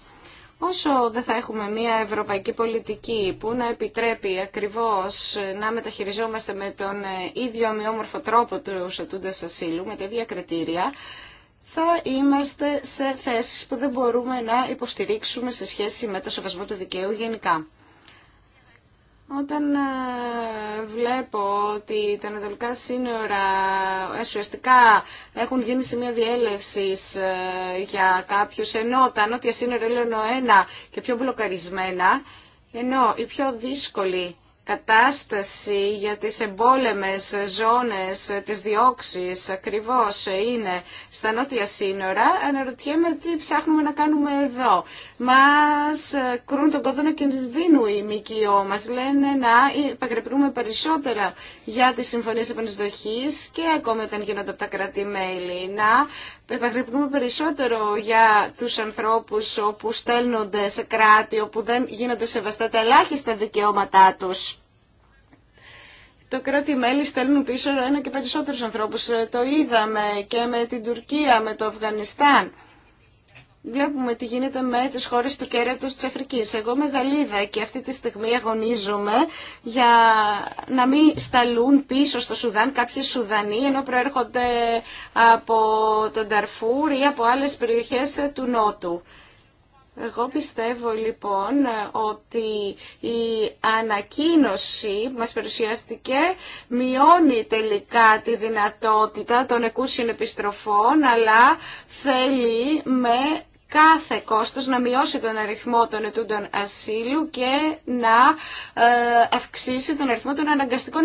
Speaker 2: Όσο δεν θα έχουμε μια ευρωπαϊκή πολιτική που να επιτρέπει ακριβώς ε, να μεταχειριζόμαστε με τον ε, ίδιο αμοιόμορφο τρόπο του σωτούντας ασύλου, με τα ίδια κριτήρια, θα είμαστε σε θέσεις που δεν μπορούμε να υποστηρίξουμε σε σχέση με το σεβασμό του δικαίου γενικά. Όταν ε, βλέπω ότι τα ανατολικά σύνορα ουσιαστικά έχουν γίνει σημεία διέλευση ε, για κάποιου, ενώ τα νότια σύνορα είναι ένα και πιο μπλοκαρισμένα, ενώ η πιο δύσκολη κατάσταση για τις εμπόλεμες ζώνες της διώξης ακριβώς είναι στα νότια σύνορα, αναρωτιέμαι τι ψάχνουμε να κάνουμε εδώ. Μας κρούν τον και κινδύνου οι ΜΚΟ, μας λένε να επαγρεπνούμε περισσότερα για τις συμφωνίες επανεισδοχής και ακόμα όταν γίνονται από τα κράτη-μέλη, επαγρυπνούμε περισσότερο για τους ανθρώπους όπου στέλνονται σε κράτη, όπου δεν γίνονται σεβαστά τα ελάχιστα δικαιώματά τους. Το κράτη-μέλη στέλνουν πίσω ένα και περισσότερους ανθρώπους. Ε, το είδαμε και με την Τουρκία, με το Αφγανιστάν. Βλέπουμε τι γίνεται με τις χώρες του κέρατος της Αφρικής. Εγώ είμαι και αυτή τη στιγμή αγωνίζομαι για να μην σταλούν πίσω στο Σουδάν κάποιοι Σουδανοί ενώ προέρχονται από τον Ταρφούρ ή από άλλες περιοχές του Νότου. Εγώ πιστεύω λοιπόν ότι η ανακοίνωση που μας παρουσιάστηκε μειώνει τελικά τη δυνατότητα των εκούσιων επιστροφών αλλά θέλει με κάθε κόστος να μειώσει τον αριθμό των ετούντων ασύλου και να ε, αυξήσει τον αριθμό των αναγκαστικών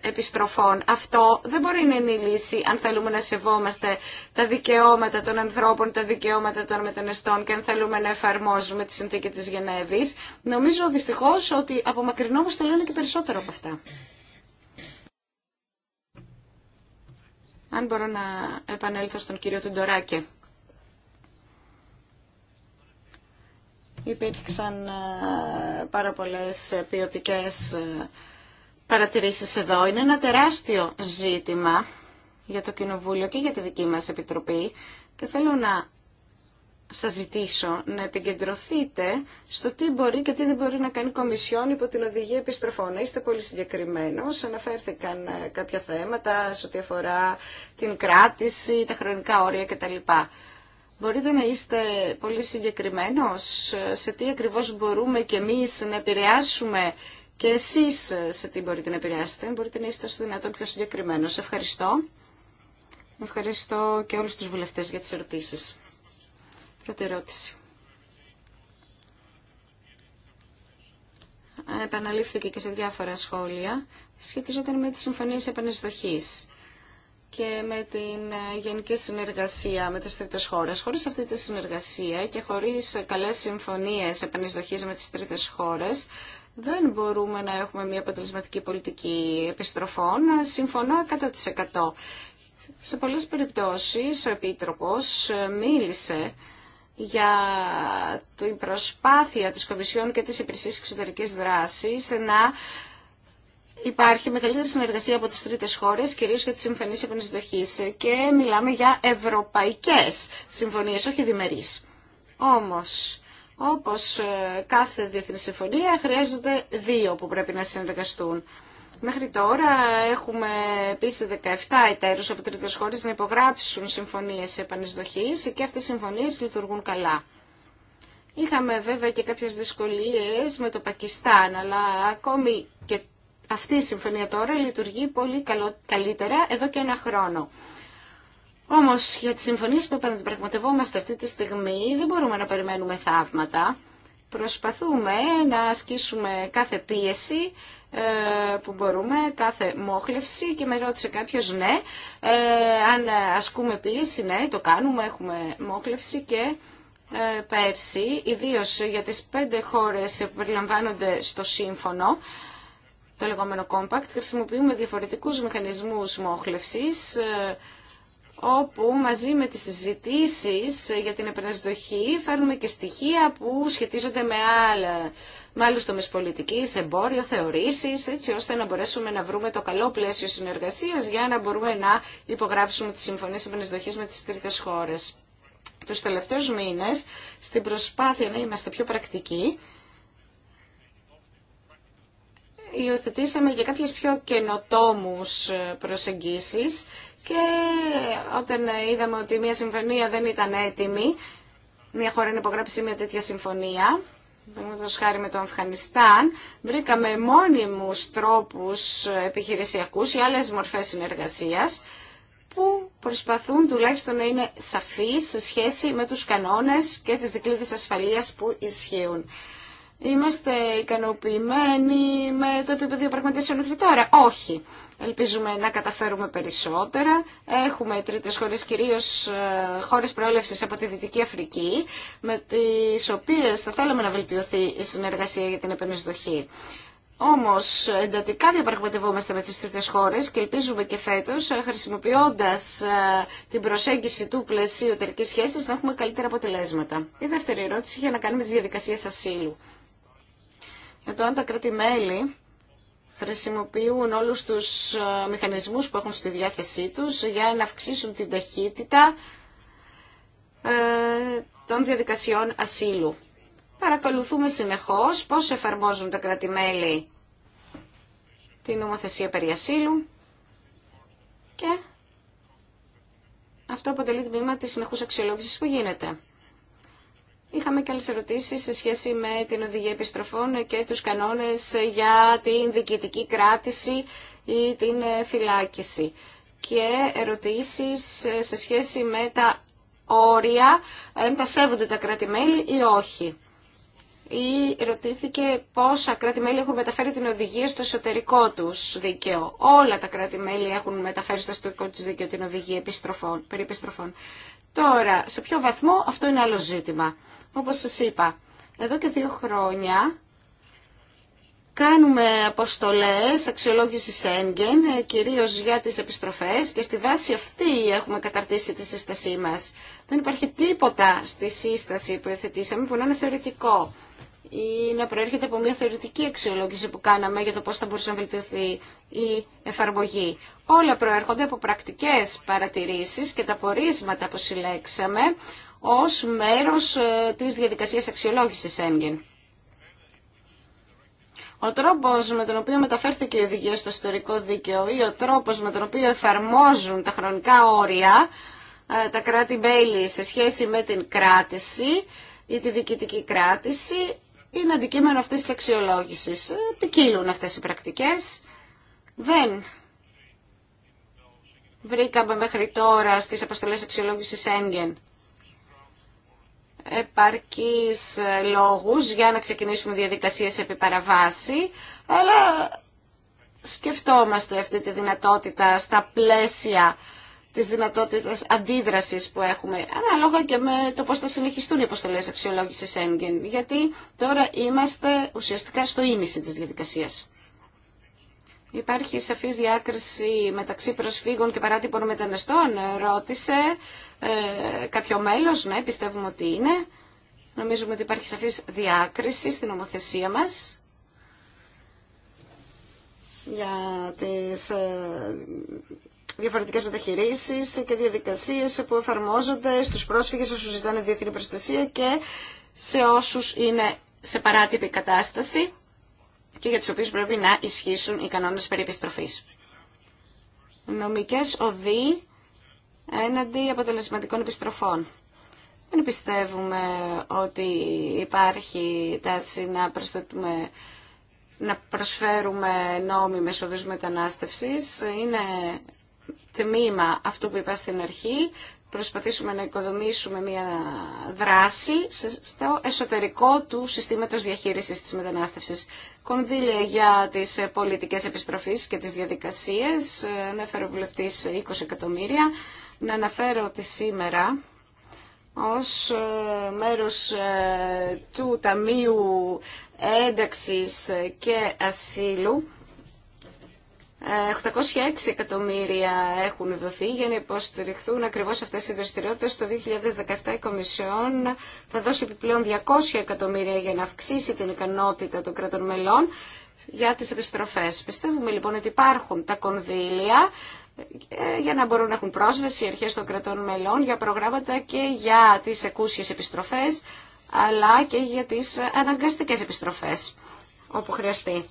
Speaker 2: επιστροφών. Αυτό δεν μπορεί να είναι η λύση αν θέλουμε να σεβόμαστε τα δικαιώματα των ανθρώπων, τα δικαιώματα των μεταναστών και αν θέλουμε να εφαρμόζουμε τη συνθήκη της Γενέβης. Νομίζω δυστυχώς ότι απομακρυνόμαστε λένε και περισσότερο από αυτά. Αν μπορώ να επανέλθω στον κύριο Τουντοράκη. Υπήρξαν ε, πάρα πολλές ποιοτικές ε, παρατηρήσεις εδώ. Είναι ένα τεράστιο ζήτημα για το Κοινοβούλιο και για τη δική μας Επιτροπή και θέλω να σας ζητήσω να επικεντρωθείτε στο τι μπορεί και τι δεν μπορεί να κάνει η Κομισιόν υπό την οδηγία επιστροφών. Είστε πολύ συγκεκριμένο. Αναφέρθηκαν ε, κάποια θέματα σε ό,τι αφορά την κράτηση, τα χρονικά όρια κτλ. Μπορείτε να είστε πολύ συγκεκριμένος σε τι ακριβώς μπορούμε και εμείς να επηρεάσουμε και εσείς σε τι μπορείτε να επηρεάσετε. Μπορείτε να είστε όσο δυνατόν πιο συγκεκριμένος. Ευχαριστώ. Ευχαριστώ και όλους τους βουλευτές για τις ερωτήσεις. Πρώτη ερώτηση. Επαναλήφθηκε και σε διάφορα σχόλια. Σχετιζόταν με τις συμφωνίες επανεσδοχής και με την ε, γενική συνεργασία με τις τρίτες χώρες. Χωρίς αυτή τη συνεργασία και χωρίς ε, καλές συμφωνίες επανεισδοχής με τις τρίτες χώρες, δεν μπορούμε να έχουμε μια αποτελεσματική πολιτική επιστροφών. Συμφωνώ 100%. Σε πολλές περιπτώσεις ο Επίτροπος ε, μίλησε για την προσπάθεια της Κομισιόν και της Υπηρεσίας Εξωτερικής Δράσης να υπάρχει μεγαλύτερη συνεργασία από τι τρίτε χώρε κυρίω για τι συμφωνίε επανεισδοχή. και μιλάμε για ευρωπαϊκέ συμφωνίε, όχι διμερεί. Όμω, όπω ε, κάθε διεθνή συμφωνία, χρειάζονται δύο που πρέπει να συνεργαστούν. Μέχρι τώρα έχουμε επίσης 17 εταίρου από τρίτε χώρε να υπογράψουν συμφωνίε επανεισδοχή και αυτέ οι συμφωνίε λειτουργούν καλά. Είχαμε βέβαια και κάποιες δυσκολίες με το Πακιστάν, αλλά ακόμη και αυτή η συμφωνία τώρα λειτουργεί πολύ καλύτερα εδώ και ένα χρόνο. Όμω για τι συμφωνίε που επαναπραγματευόμαστε αυτή τη στιγμή δεν μπορούμε να περιμένουμε θαύματα. Προσπαθούμε να ασκήσουμε κάθε πίεση ε, που μπορούμε, κάθε μόχλευση και με ρώτησε κάποιο ναι, ε, αν ασκούμε πίεση, ναι, το κάνουμε, έχουμε μόχλευση και ε, πέρσι, ιδίω για τι πέντε χώρε που περιλαμβάνονται στο σύμφωνο, το λεγόμενο compact, χρησιμοποιούμε διαφορετικούς μηχανισμούς μόχλευσης, ε, όπου μαζί με τις συζητήσει για την επενεσδοχή φέρνουμε και στοιχεία που σχετίζονται με, άλλα, με άλλους τομείς πολιτικής, εμπόριο, θεωρήσεις, έτσι ώστε να μπορέσουμε να βρούμε το καλό πλαίσιο συνεργασίας για να μπορούμε να υπογράψουμε τις συμφωνίες επενεσδοχής με τις τρίτες χώρες. Τους τελευταίους μήνες, στην προσπάθεια να είμαστε πιο πρακτικοί, υιοθετήσαμε για κάποιες πιο καινοτόμους ε, προσεγγίσεις και όταν ε, είδαμε ότι μια συμφωνία δεν ήταν έτοιμη, μια χώρα να υπογράψει μια τέτοια συμφωνία, το χάρη με το Αφγανιστάν, βρήκαμε μόνιμους τρόπους ε, επιχειρησιακούς ή άλλες μορφές συνεργασίας που προσπαθούν τουλάχιστον να είναι σαφείς σε σχέση με τους κανόνες και τις δικλείδες ασφαλείας που ισχύουν. Είμαστε ικανοποιημένοι με το επίπεδο διαπραγματεύσεων μέχρι τώρα. Όχι. Ελπίζουμε να καταφέρουμε περισσότερα. Έχουμε τρίτε χώρε κυρίω χώρε προέλευση από τη Δυτική Αφρική, με τι οποίε θα θέλαμε να βελτιωθεί η συνεργασία για την επενδυστοχή. Όμω, εντατικά διαπραγματευόμαστε με τι τρίτε χώρε και ελπίζουμε και φέτο, ε, χρησιμοποιώντα ε, την προσέγγιση του πλαισίου εταιρική σχέση, να έχουμε καλύτερα αποτελέσματα. Η δεύτερη ερώτηση είχε να κάνει με τι διαδικασίε ασύλου για το αν τα κράτη-μέλη χρησιμοποιούν όλους τους ε, μηχανισμούς που έχουν στη διάθεσή τους για να αυξήσουν την ταχύτητα ε, των διαδικασιών ασύλου. Παρακολουθούμε συνεχώς πώς εφαρμόζουν τα κράτη-μέλη την νομοθεσία περί ασύλου και αυτό αποτελεί τμήμα της συνεχούς αξιολόγησης που γίνεται. Είχαμε και άλλε ερωτήσει σε σχέση με την οδηγία επιστροφών και τους κανόνες για την διοικητική κράτηση ή την ε, φυλάκηση. και ερωτήσεις ε, σε σχέση με τα όρια, αν ε, τα τα κράτη-μέλη ή όχι ή ρωτήθηκε πόσα κράτη-μέλη έχουν μεταφέρει την οδηγία στο εσωτερικό του δίκαιο. Όλα τα κράτη-μέλη έχουν μεταφέρει στο εσωτερικό του δίκαιο την οδηγία επιστροφών, περί επιστροφών. Τώρα, σε ποιο βαθμό αυτό είναι άλλο ζήτημα. Όπως σας είπα, εδώ και δύο χρόνια Κάνουμε αποστολές αξιολόγησης έγκεν, κυρίως για τις επιστροφές και στη βάση αυτή έχουμε καταρτήσει τη σύστασή μας. Δεν υπάρχει τίποτα στη σύσταση που εθετήσαμε που να είναι θεωρητικό ή να προέρχεται από μια θεωρητική αξιολόγηση που κάναμε για το πώς θα μπορούσε να βελτιωθεί η εφαρμογή. Όλα προέρχονται από πρακτικές παρατηρήσεις και τα πορίσματα που συλλέξαμε ως μέρος ε, της διαδικασίας αξιολόγησης έγκεν. Ο τρόπος με τον οποίο μεταφέρθηκε η οδηγία στο ιστορικό δίκαιο ή ο τρόπος με τον οποίο εφαρμόζουν τα χρονικά όρια ε, τα κράτη-μέλη σε σχέση με την κράτηση ή τη διοικητική κράτηση είναι αντικείμενο αυτής της αξιολόγησης. Επικύλουν αυτές οι πρακτικές. Δεν βρήκαμε μέχρι τώρα στις αποστολές αξιολόγησης έγκεν επαρκείς ε, λόγους για να ξεκινήσουμε διαδικασίες επί παραβάση, αλλά σκεφτόμαστε αυτή τη δυνατότητα στα πλαίσια τις δυνατότητες αντίδρασης που έχουμε, ανάλογα και με το πώς θα συνεχιστούν οι αποστολές αξιολόγησης έγκεν, γιατί τώρα είμαστε ουσιαστικά στο ίμιση της διαδικασίας. Υπάρχει σαφής διάκριση μεταξύ προσφύγων και παράτυπων μεταναστών, ρώτησε ε, κάποιο μέλος, ναι, πιστεύουμε ότι είναι. Νομίζουμε ότι υπάρχει σαφής διάκριση στην ομοθεσία μας για τις ε, διαφορετικές μεταχειρήσεις και διαδικασίες που εφαρμόζονται στους πρόσφυγες όσου ζητάνε διεθνή προστασία και σε όσους είναι σε παράτυπη κατάσταση και για τους οποίους πρέπει να ισχύσουν οι κανόνες περί επιστροφής. Νομικές οδοί έναντι αποτελεσματικών επιστροφών. Δεν πιστεύουμε ότι υπάρχει τάση να προσθέτουμε να προσφέρουμε νόμιμες οδούς μετανάστευσης. Είναι τμήμα αυτό που είπα στην αρχή, προσπαθήσουμε να οικοδομήσουμε μια δράση στο εσωτερικό του συστήματος διαχείρισης της μετανάστευσης. Κονδύλια για τις πολιτικές επιστροφής και τις διαδικασίες, ανέφερε ο βουλευτής 20 εκατομμύρια. Να αναφέρω ότι σήμερα ως ε, μέρος ε, του Ταμείου Ένταξης και Ασύλου 806 ε, εκατομμύρια έχουν δοθεί για να υποστηριχθούν ακριβώς αυτές οι δραστηριότητες. Το 2017 η Κομισιόν θα δώσει επιπλέον 200 εκατομμύρια για να αυξήσει την ικανότητα των κρατών μελών για τις επιστροφές. Πιστεύουμε λοιπόν ότι υπάρχουν τα κονδύλια ε, για να μπορούν να έχουν πρόσβαση οι αρχές των κρατών μελών για προγράμματα και για τις εκούσιες επιστροφές αλλά και για τις αναγκαστικές επιστροφές όπου χρειαστεί.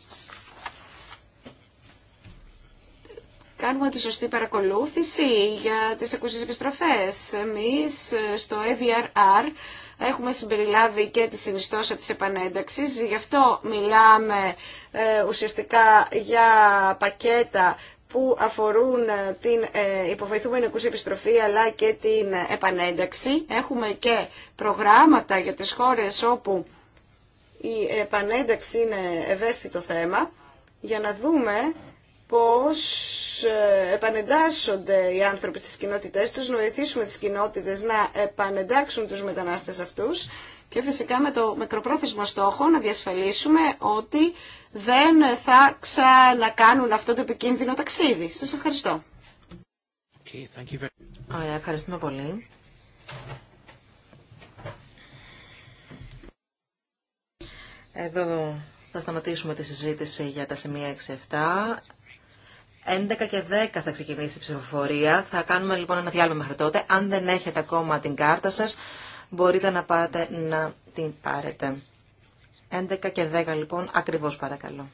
Speaker 2: Κάνουμε τη σωστή παρακολούθηση για τις ακούσεις επιστροφές. Εμείς στο EVRR έχουμε συμπεριλάβει και τη συνιστόσα της επανένταξης. Γι' αυτό μιλάμε ε, ουσιαστικά για πακέτα που αφορούν ε, την ε, υποβοηθούμενη ακουστική επιστροφή αλλά και την επανένταξη. Έχουμε και προγράμματα για τις χώρες όπου η επανένταξη είναι ευαίσθητο θέμα για να δούμε πώς ε, επανεντάσσονται οι άνθρωποι στις κοινότητές τους, να βοηθήσουμε τις κοινότητες να επανεντάξουν τους μετανάστες αυτούς και φυσικά με το μικροπρόθεσμο στόχο να διασφαλίσουμε ότι δεν θα ξανακάνουν αυτό το επικίνδυνο ταξίδι. Σας ευχαριστώ.
Speaker 3: Okay, very... Ωραία, ευχαριστούμε πολύ. Εδώ θα σταματήσουμε τη συζήτηση για τα σημεία 6-7. 11 και 10 θα ξεκινήσει η ψηφοφορία. Θα κάνουμε λοιπόν ένα διάλειμμα μέχρι τότε. Αν δεν έχετε ακόμα την κάρτα σας, μπορείτε να πάτε να την πάρετε. 11 και 10 λοιπόν, ακριβώς παρακαλώ.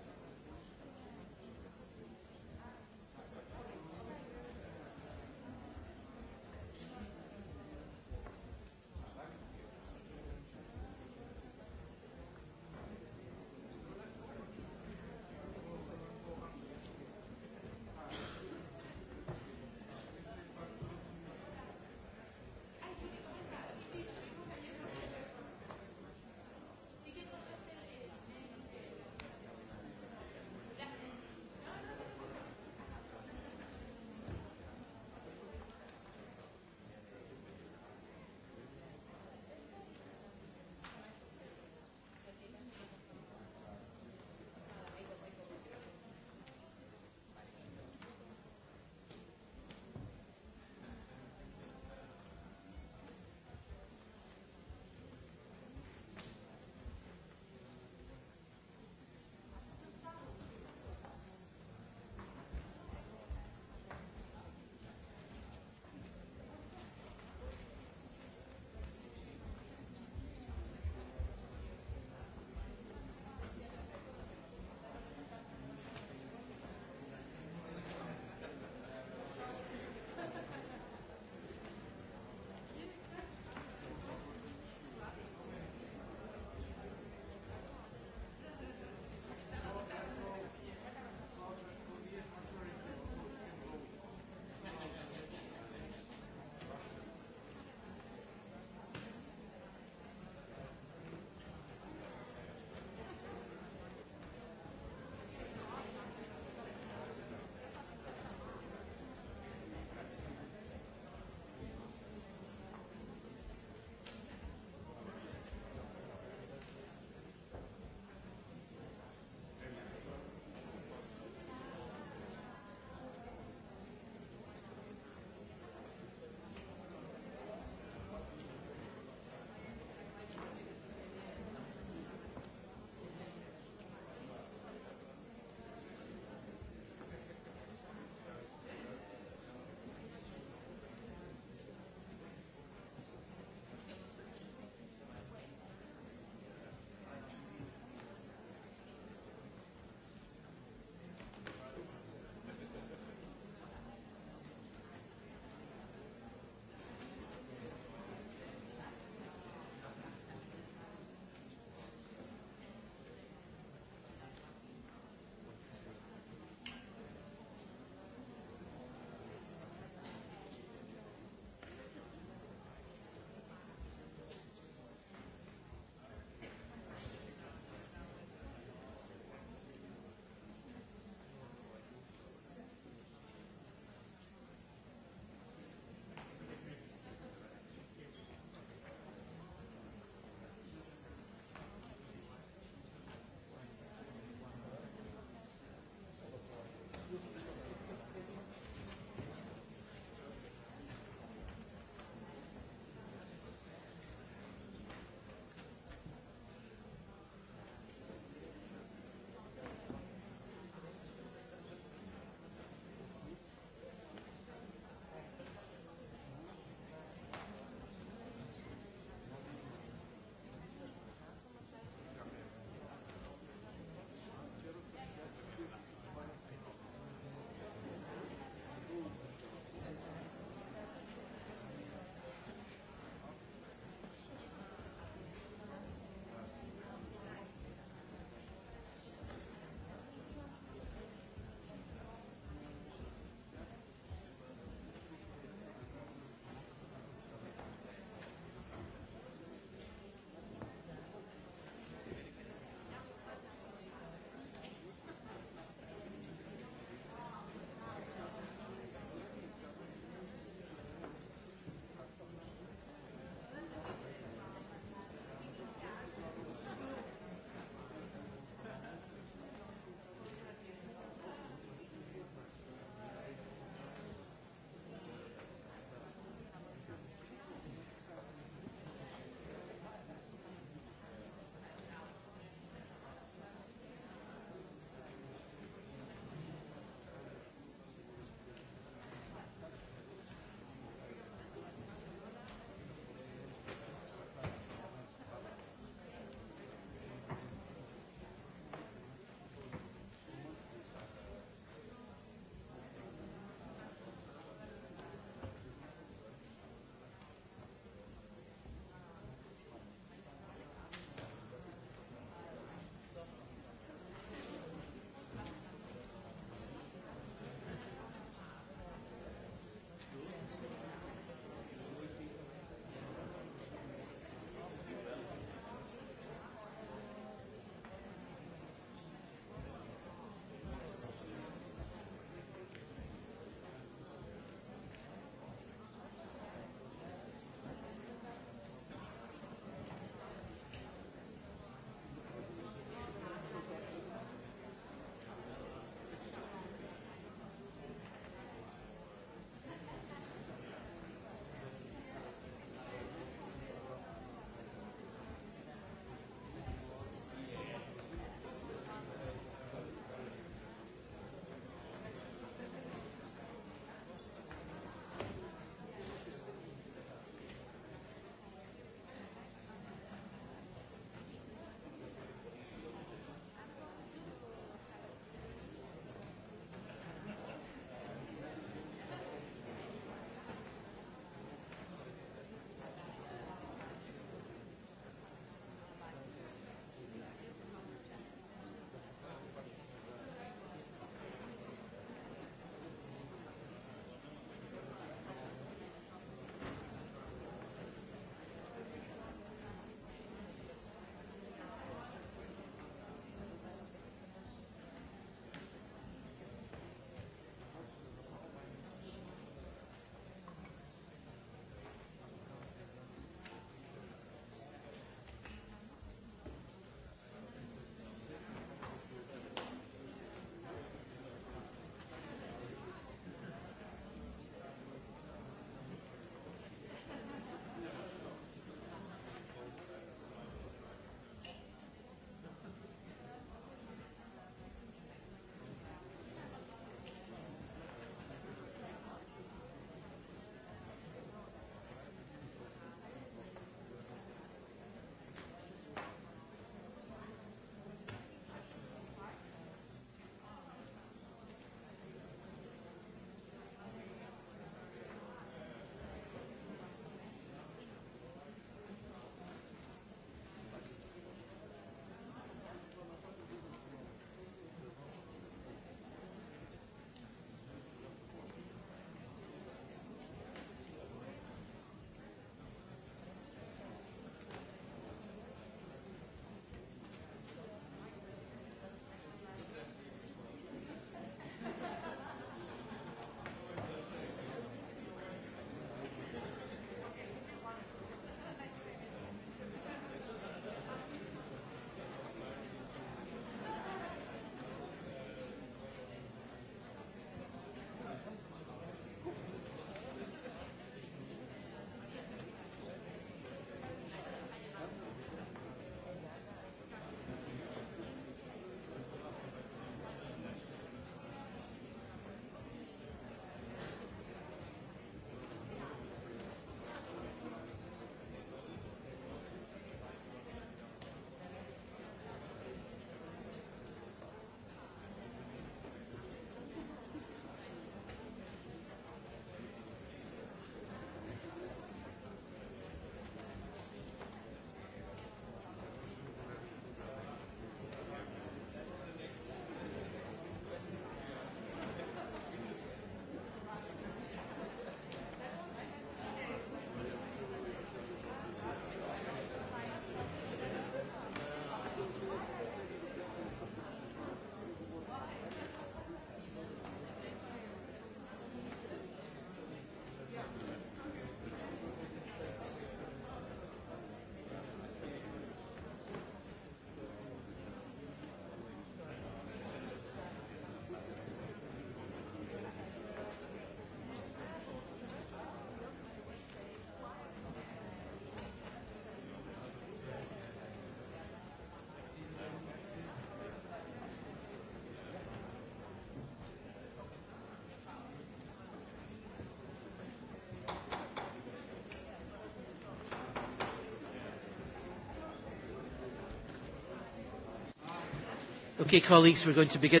Speaker 1: Okay, colleagues, we're going to begin.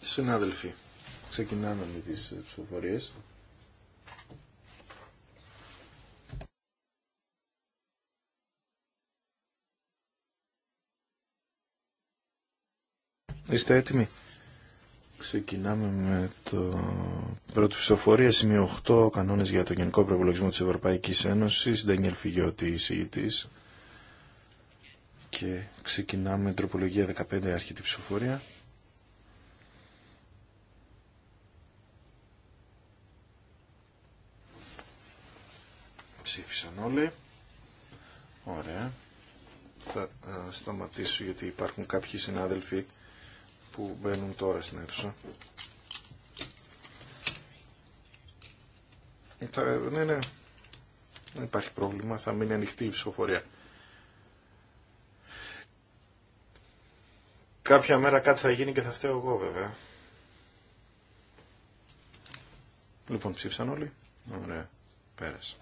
Speaker 1: Συνάδελφοι, ξεκινάμε με τις ε, ψηφοφορίες. Είστε έτοιμοι. Ξεκινάμε με το πρώτο ψηφοφορία, σημείο 8, κανόνες για το Γενικό Προπολογισμό της Ευρωπαϊκής Ένωσης, Ντανιέλ Φιγιώτη, εισηγητής. Ξεκινάμε τροπολογία 15 αρχή ψηφοφορία. Ψήφισαν όλοι. Ωραία. Θα ε, σταματήσω γιατί υπάρχουν κάποιοι συνάδελφοι που μπαίνουν τώρα στην αίθουσα. Θα, ναι, ναι. Δεν υπάρχει πρόβλημα. Θα μείνει ανοιχτή η ψηφοφορία. Κάποια μέρα κάτι θα γίνει και θα φταίω εγώ βέβαια. Λοιπόν, ψήφισαν όλοι. Ωραία. Πέρασε.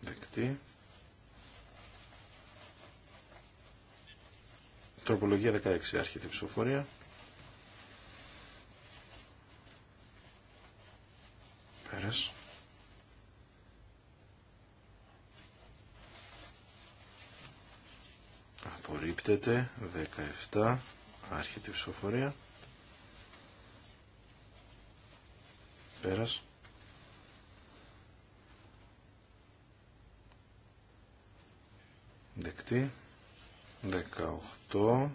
Speaker 1: Δεκτή. Τροπολογία 16. Άρχεται η ψηφοφορία. 17. Άρχεται η ψηφοφορία. Πέρας. Δεκτή. 18.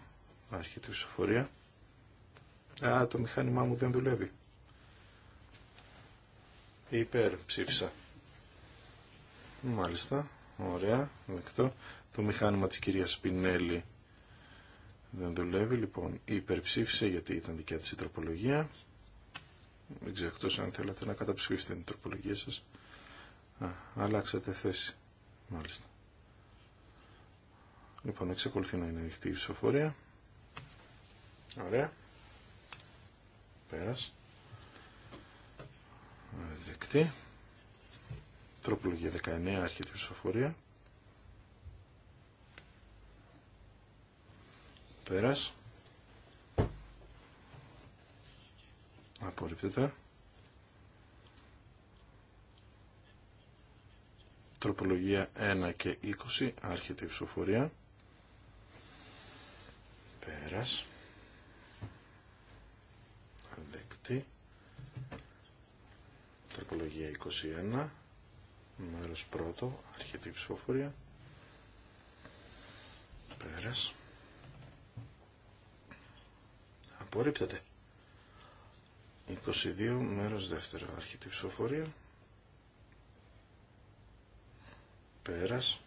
Speaker 1: Άρχεται η ψηφοφορία. Α, το μηχάνημά μου δεν δουλεύει. Υπέρ ψήφισα. Μάλιστα. Ωραία. Δεκτό. Το μηχάνημα της κυρίας Σπινέλη δεν δουλεύει, λοιπόν, υπερψήφισε γιατί ήταν δικιά της η τροπολογία. Δεν αν θέλατε να καταψηφίσετε την τροπολογία σας. Α, αλλάξατε θέση. Μάλιστα. Λοιπόν, εξακολουθεί να είναι ανοιχτή η ψηφοφορία. Ωραία. Πέρας. Δεκτή. Τροπολογία 19, αρχή ψηφοφορία. Πέρας. Απορρίπτεται. Τροπολογία 1 και 20. Άρχεται η ψηφοφορία. Πέρας. Αδέκτη. Τροπολογία 21. Μέρος πρώτο. Άρχεται η ψηφοφορία. Πέρας. Απορρίπτεται. 22 μέρος δεύτερο. Αρχιτή ψηφοφορία. Πέρας.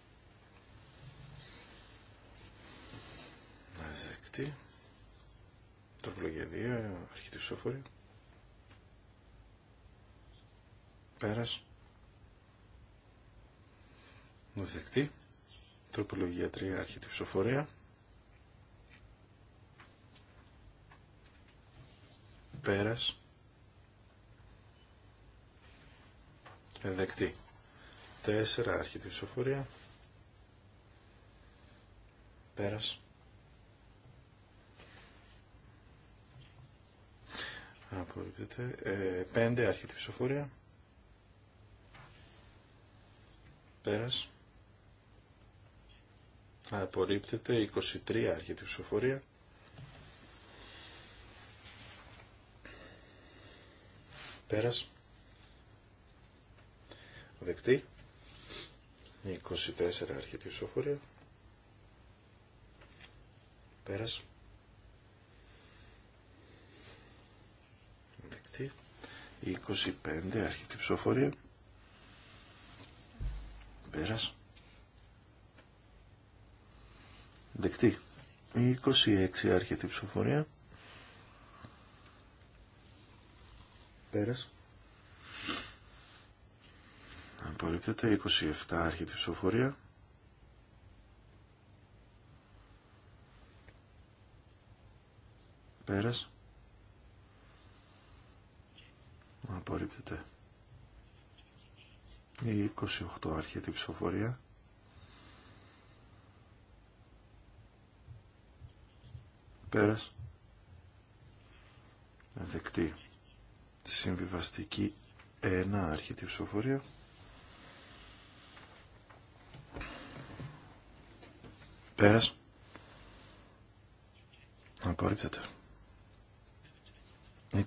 Speaker 1: Δεκτή. Τροπολογία 2. Αρχιτή ψηφοφορία. Πέρας. Δεκτή. Τροπολογία 3. Αρχιτή ψηφοφορία. πέρας ε, δεκτή 4 άρχεται ψηφοφορία πέρας απορρίπτεται ε, 5 άρχεται ψηφοφορία πέρας απορρίπτεται 23 άρχεται ψηφοφορία Πέρας. Δεκτή. 24 αρχιτή ψηφοφορία. Πέρας. Δεκτή. 25 αρχιτή ψηφοφορία. Πέρας. Δεκτή. 26 αρχιτή ψηφοφορία. Πέρας. Απορρίπτεται. 27 άρχεται η ψηφοφορία. Πέρας. Απορρίπτεται. Η 28 άρχεται ψηφοφορία. Πέρας. Δεκτή. Συμβιβαστική 1 άρχιτη ψηφοφορία. Πέρας. Απορρίπτεται.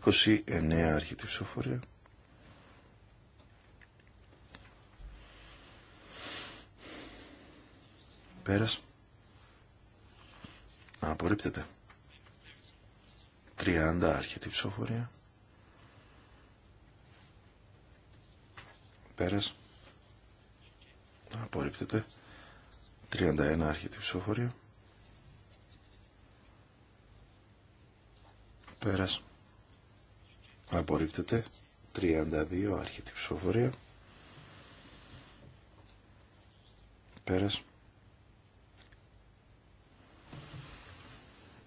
Speaker 1: 29 άρχιτη ψηφοφορία. Πέρας. Απορρίπτεται. 30 άρχιτη ψηφοφορία. Πέρας. Απορρίπτεται. 31 άρχιτη ψηφοφορία. Πέρας. Απορρίπτεται. 32 άρχιτη ψηφοφορία. Πέρας.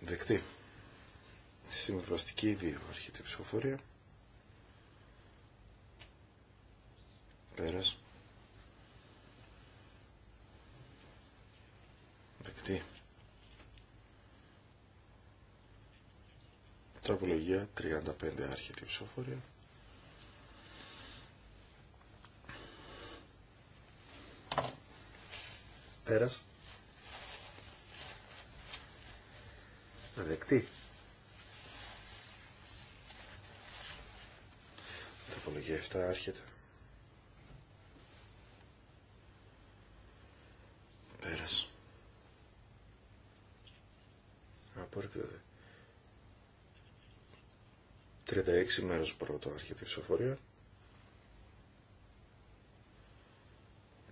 Speaker 1: Δεκτή. Συμβαστική 2 άρχιτη ψηφοφορία. Πέρας. Δεκτή. Ταπολογία 35 άρχεται η ψηφοφορία. Πέρας. Δεκτή. Τροπολογία 7 άρχεται. Πέρας. Απορρίπτεται. 36 μέρες πρώτο η ψηφοφορία.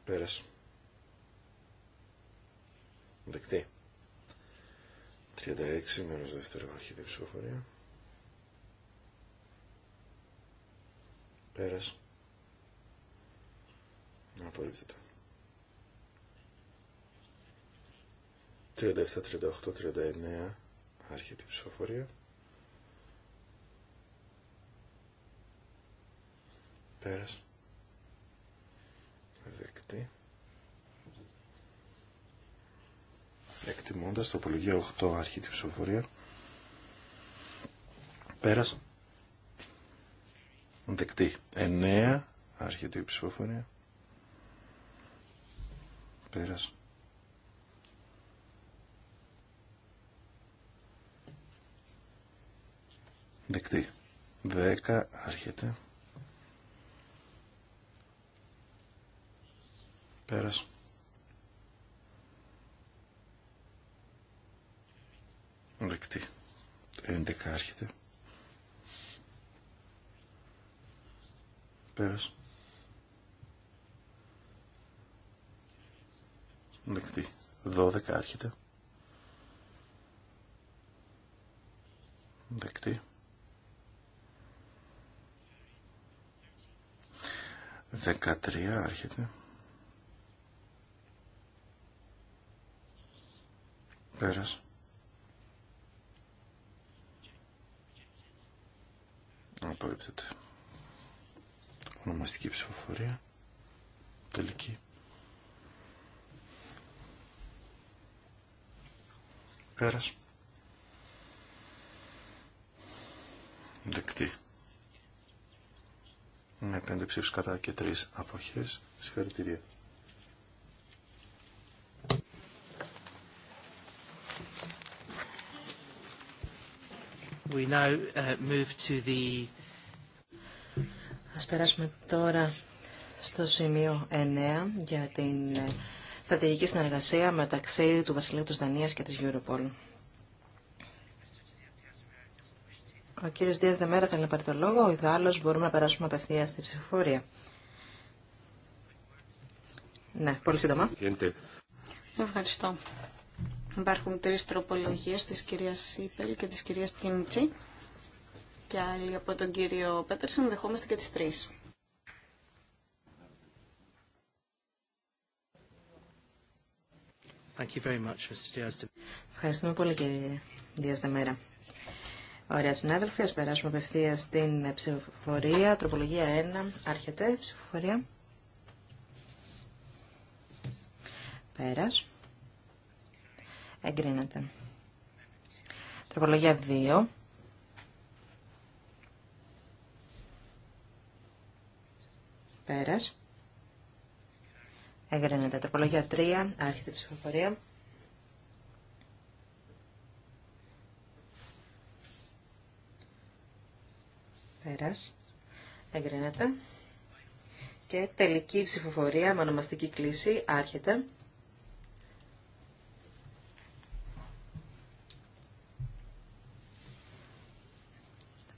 Speaker 1: Πέρας. Δεκτή. 36 μέρες δεύτερο η ψηφοφορία. Πέρας. Απορρίπτεται. 37, 38, 39 άρχεται η ψηφοφορία. Πέρας. Δεκτή. Εκτιμώντας απολογία 8 άρχεται ψηφοφορία. Πέρας. Δεκτή. 9 άρχεται η ψηφοφορία. Πέρας. δεκτή. Δέκα άρχεται. Πέρας. Δεκτή. Έντεκα άρχεται. Πέρας. Δεκτή. Δώδεκα άρχεται. Δεκτή. Δεκατρία. άρχεται. Πέρας. Απορρίπτεται. Ονομαστική ψηφοφορία. Τελική. Πέρας. Δεκτή με πέντε ψήφους κατά και τρεις αποχές. Συγχαρητήρια.
Speaker 3: We now uh, move to the... Ας περάσουμε τώρα στο σημείο 9 για την ε, στρατηγική συνεργασία μεταξύ του Βασιλείου της Δανίας και της Europol. Ο κύριος Δίας Δεμέρα θέλει να πάρει το λόγο. Ο Ιδάλλος μπορούμε να περάσουμε απευθεία στη ψηφοφορία. Ναι, πολύ σύντομα.
Speaker 2: Ευχαριστώ. Υπάρχουν τρεις τροπολογίες της κυρίας Σίπελ και της κυρίας Κίντσι και άλλοι από τον κύριο Πέτερσον. Δεχόμαστε και τις τρεις.
Speaker 3: Ευχαριστούμε πολύ κύριε Δίας Δεμέρα. Ωραία, συνάδελφοι, α περάσουμε απευθεία στην ψηφοφορία. Τροπολογία 1, άρχεται ψηφοφορία. Πέρα. Εγκρίνεται. Τροπολογία 2. Πέρα. Εγκρίνεται. Τροπολογία 3, άρχεται ψηφοφορία. Πέρας. Εγκρίνεται. Και τελική ψηφοφορία με ονομαστική κλίση. Άρχεται.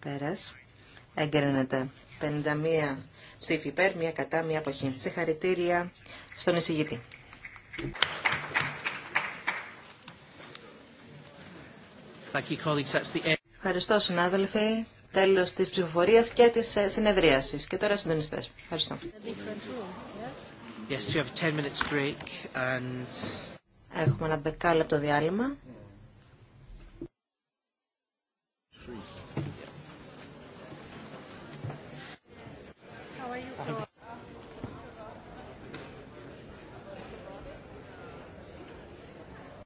Speaker 3: Πέρας. Εγκρίνεται. 51 ψήφι υπέρ, μία κατά, μία αποχή. Συγχαρητήρια στον εισηγητή. Ευχαριστώ συνάδελφοι τέλος της ψηφοφορίας και της ε, συνεδρίασης. Και τώρα συντονιστές. Ευχαριστώ. Yes, we have 10 break and... Έχουμε ένα δεκάλεπτο διάλειμμα.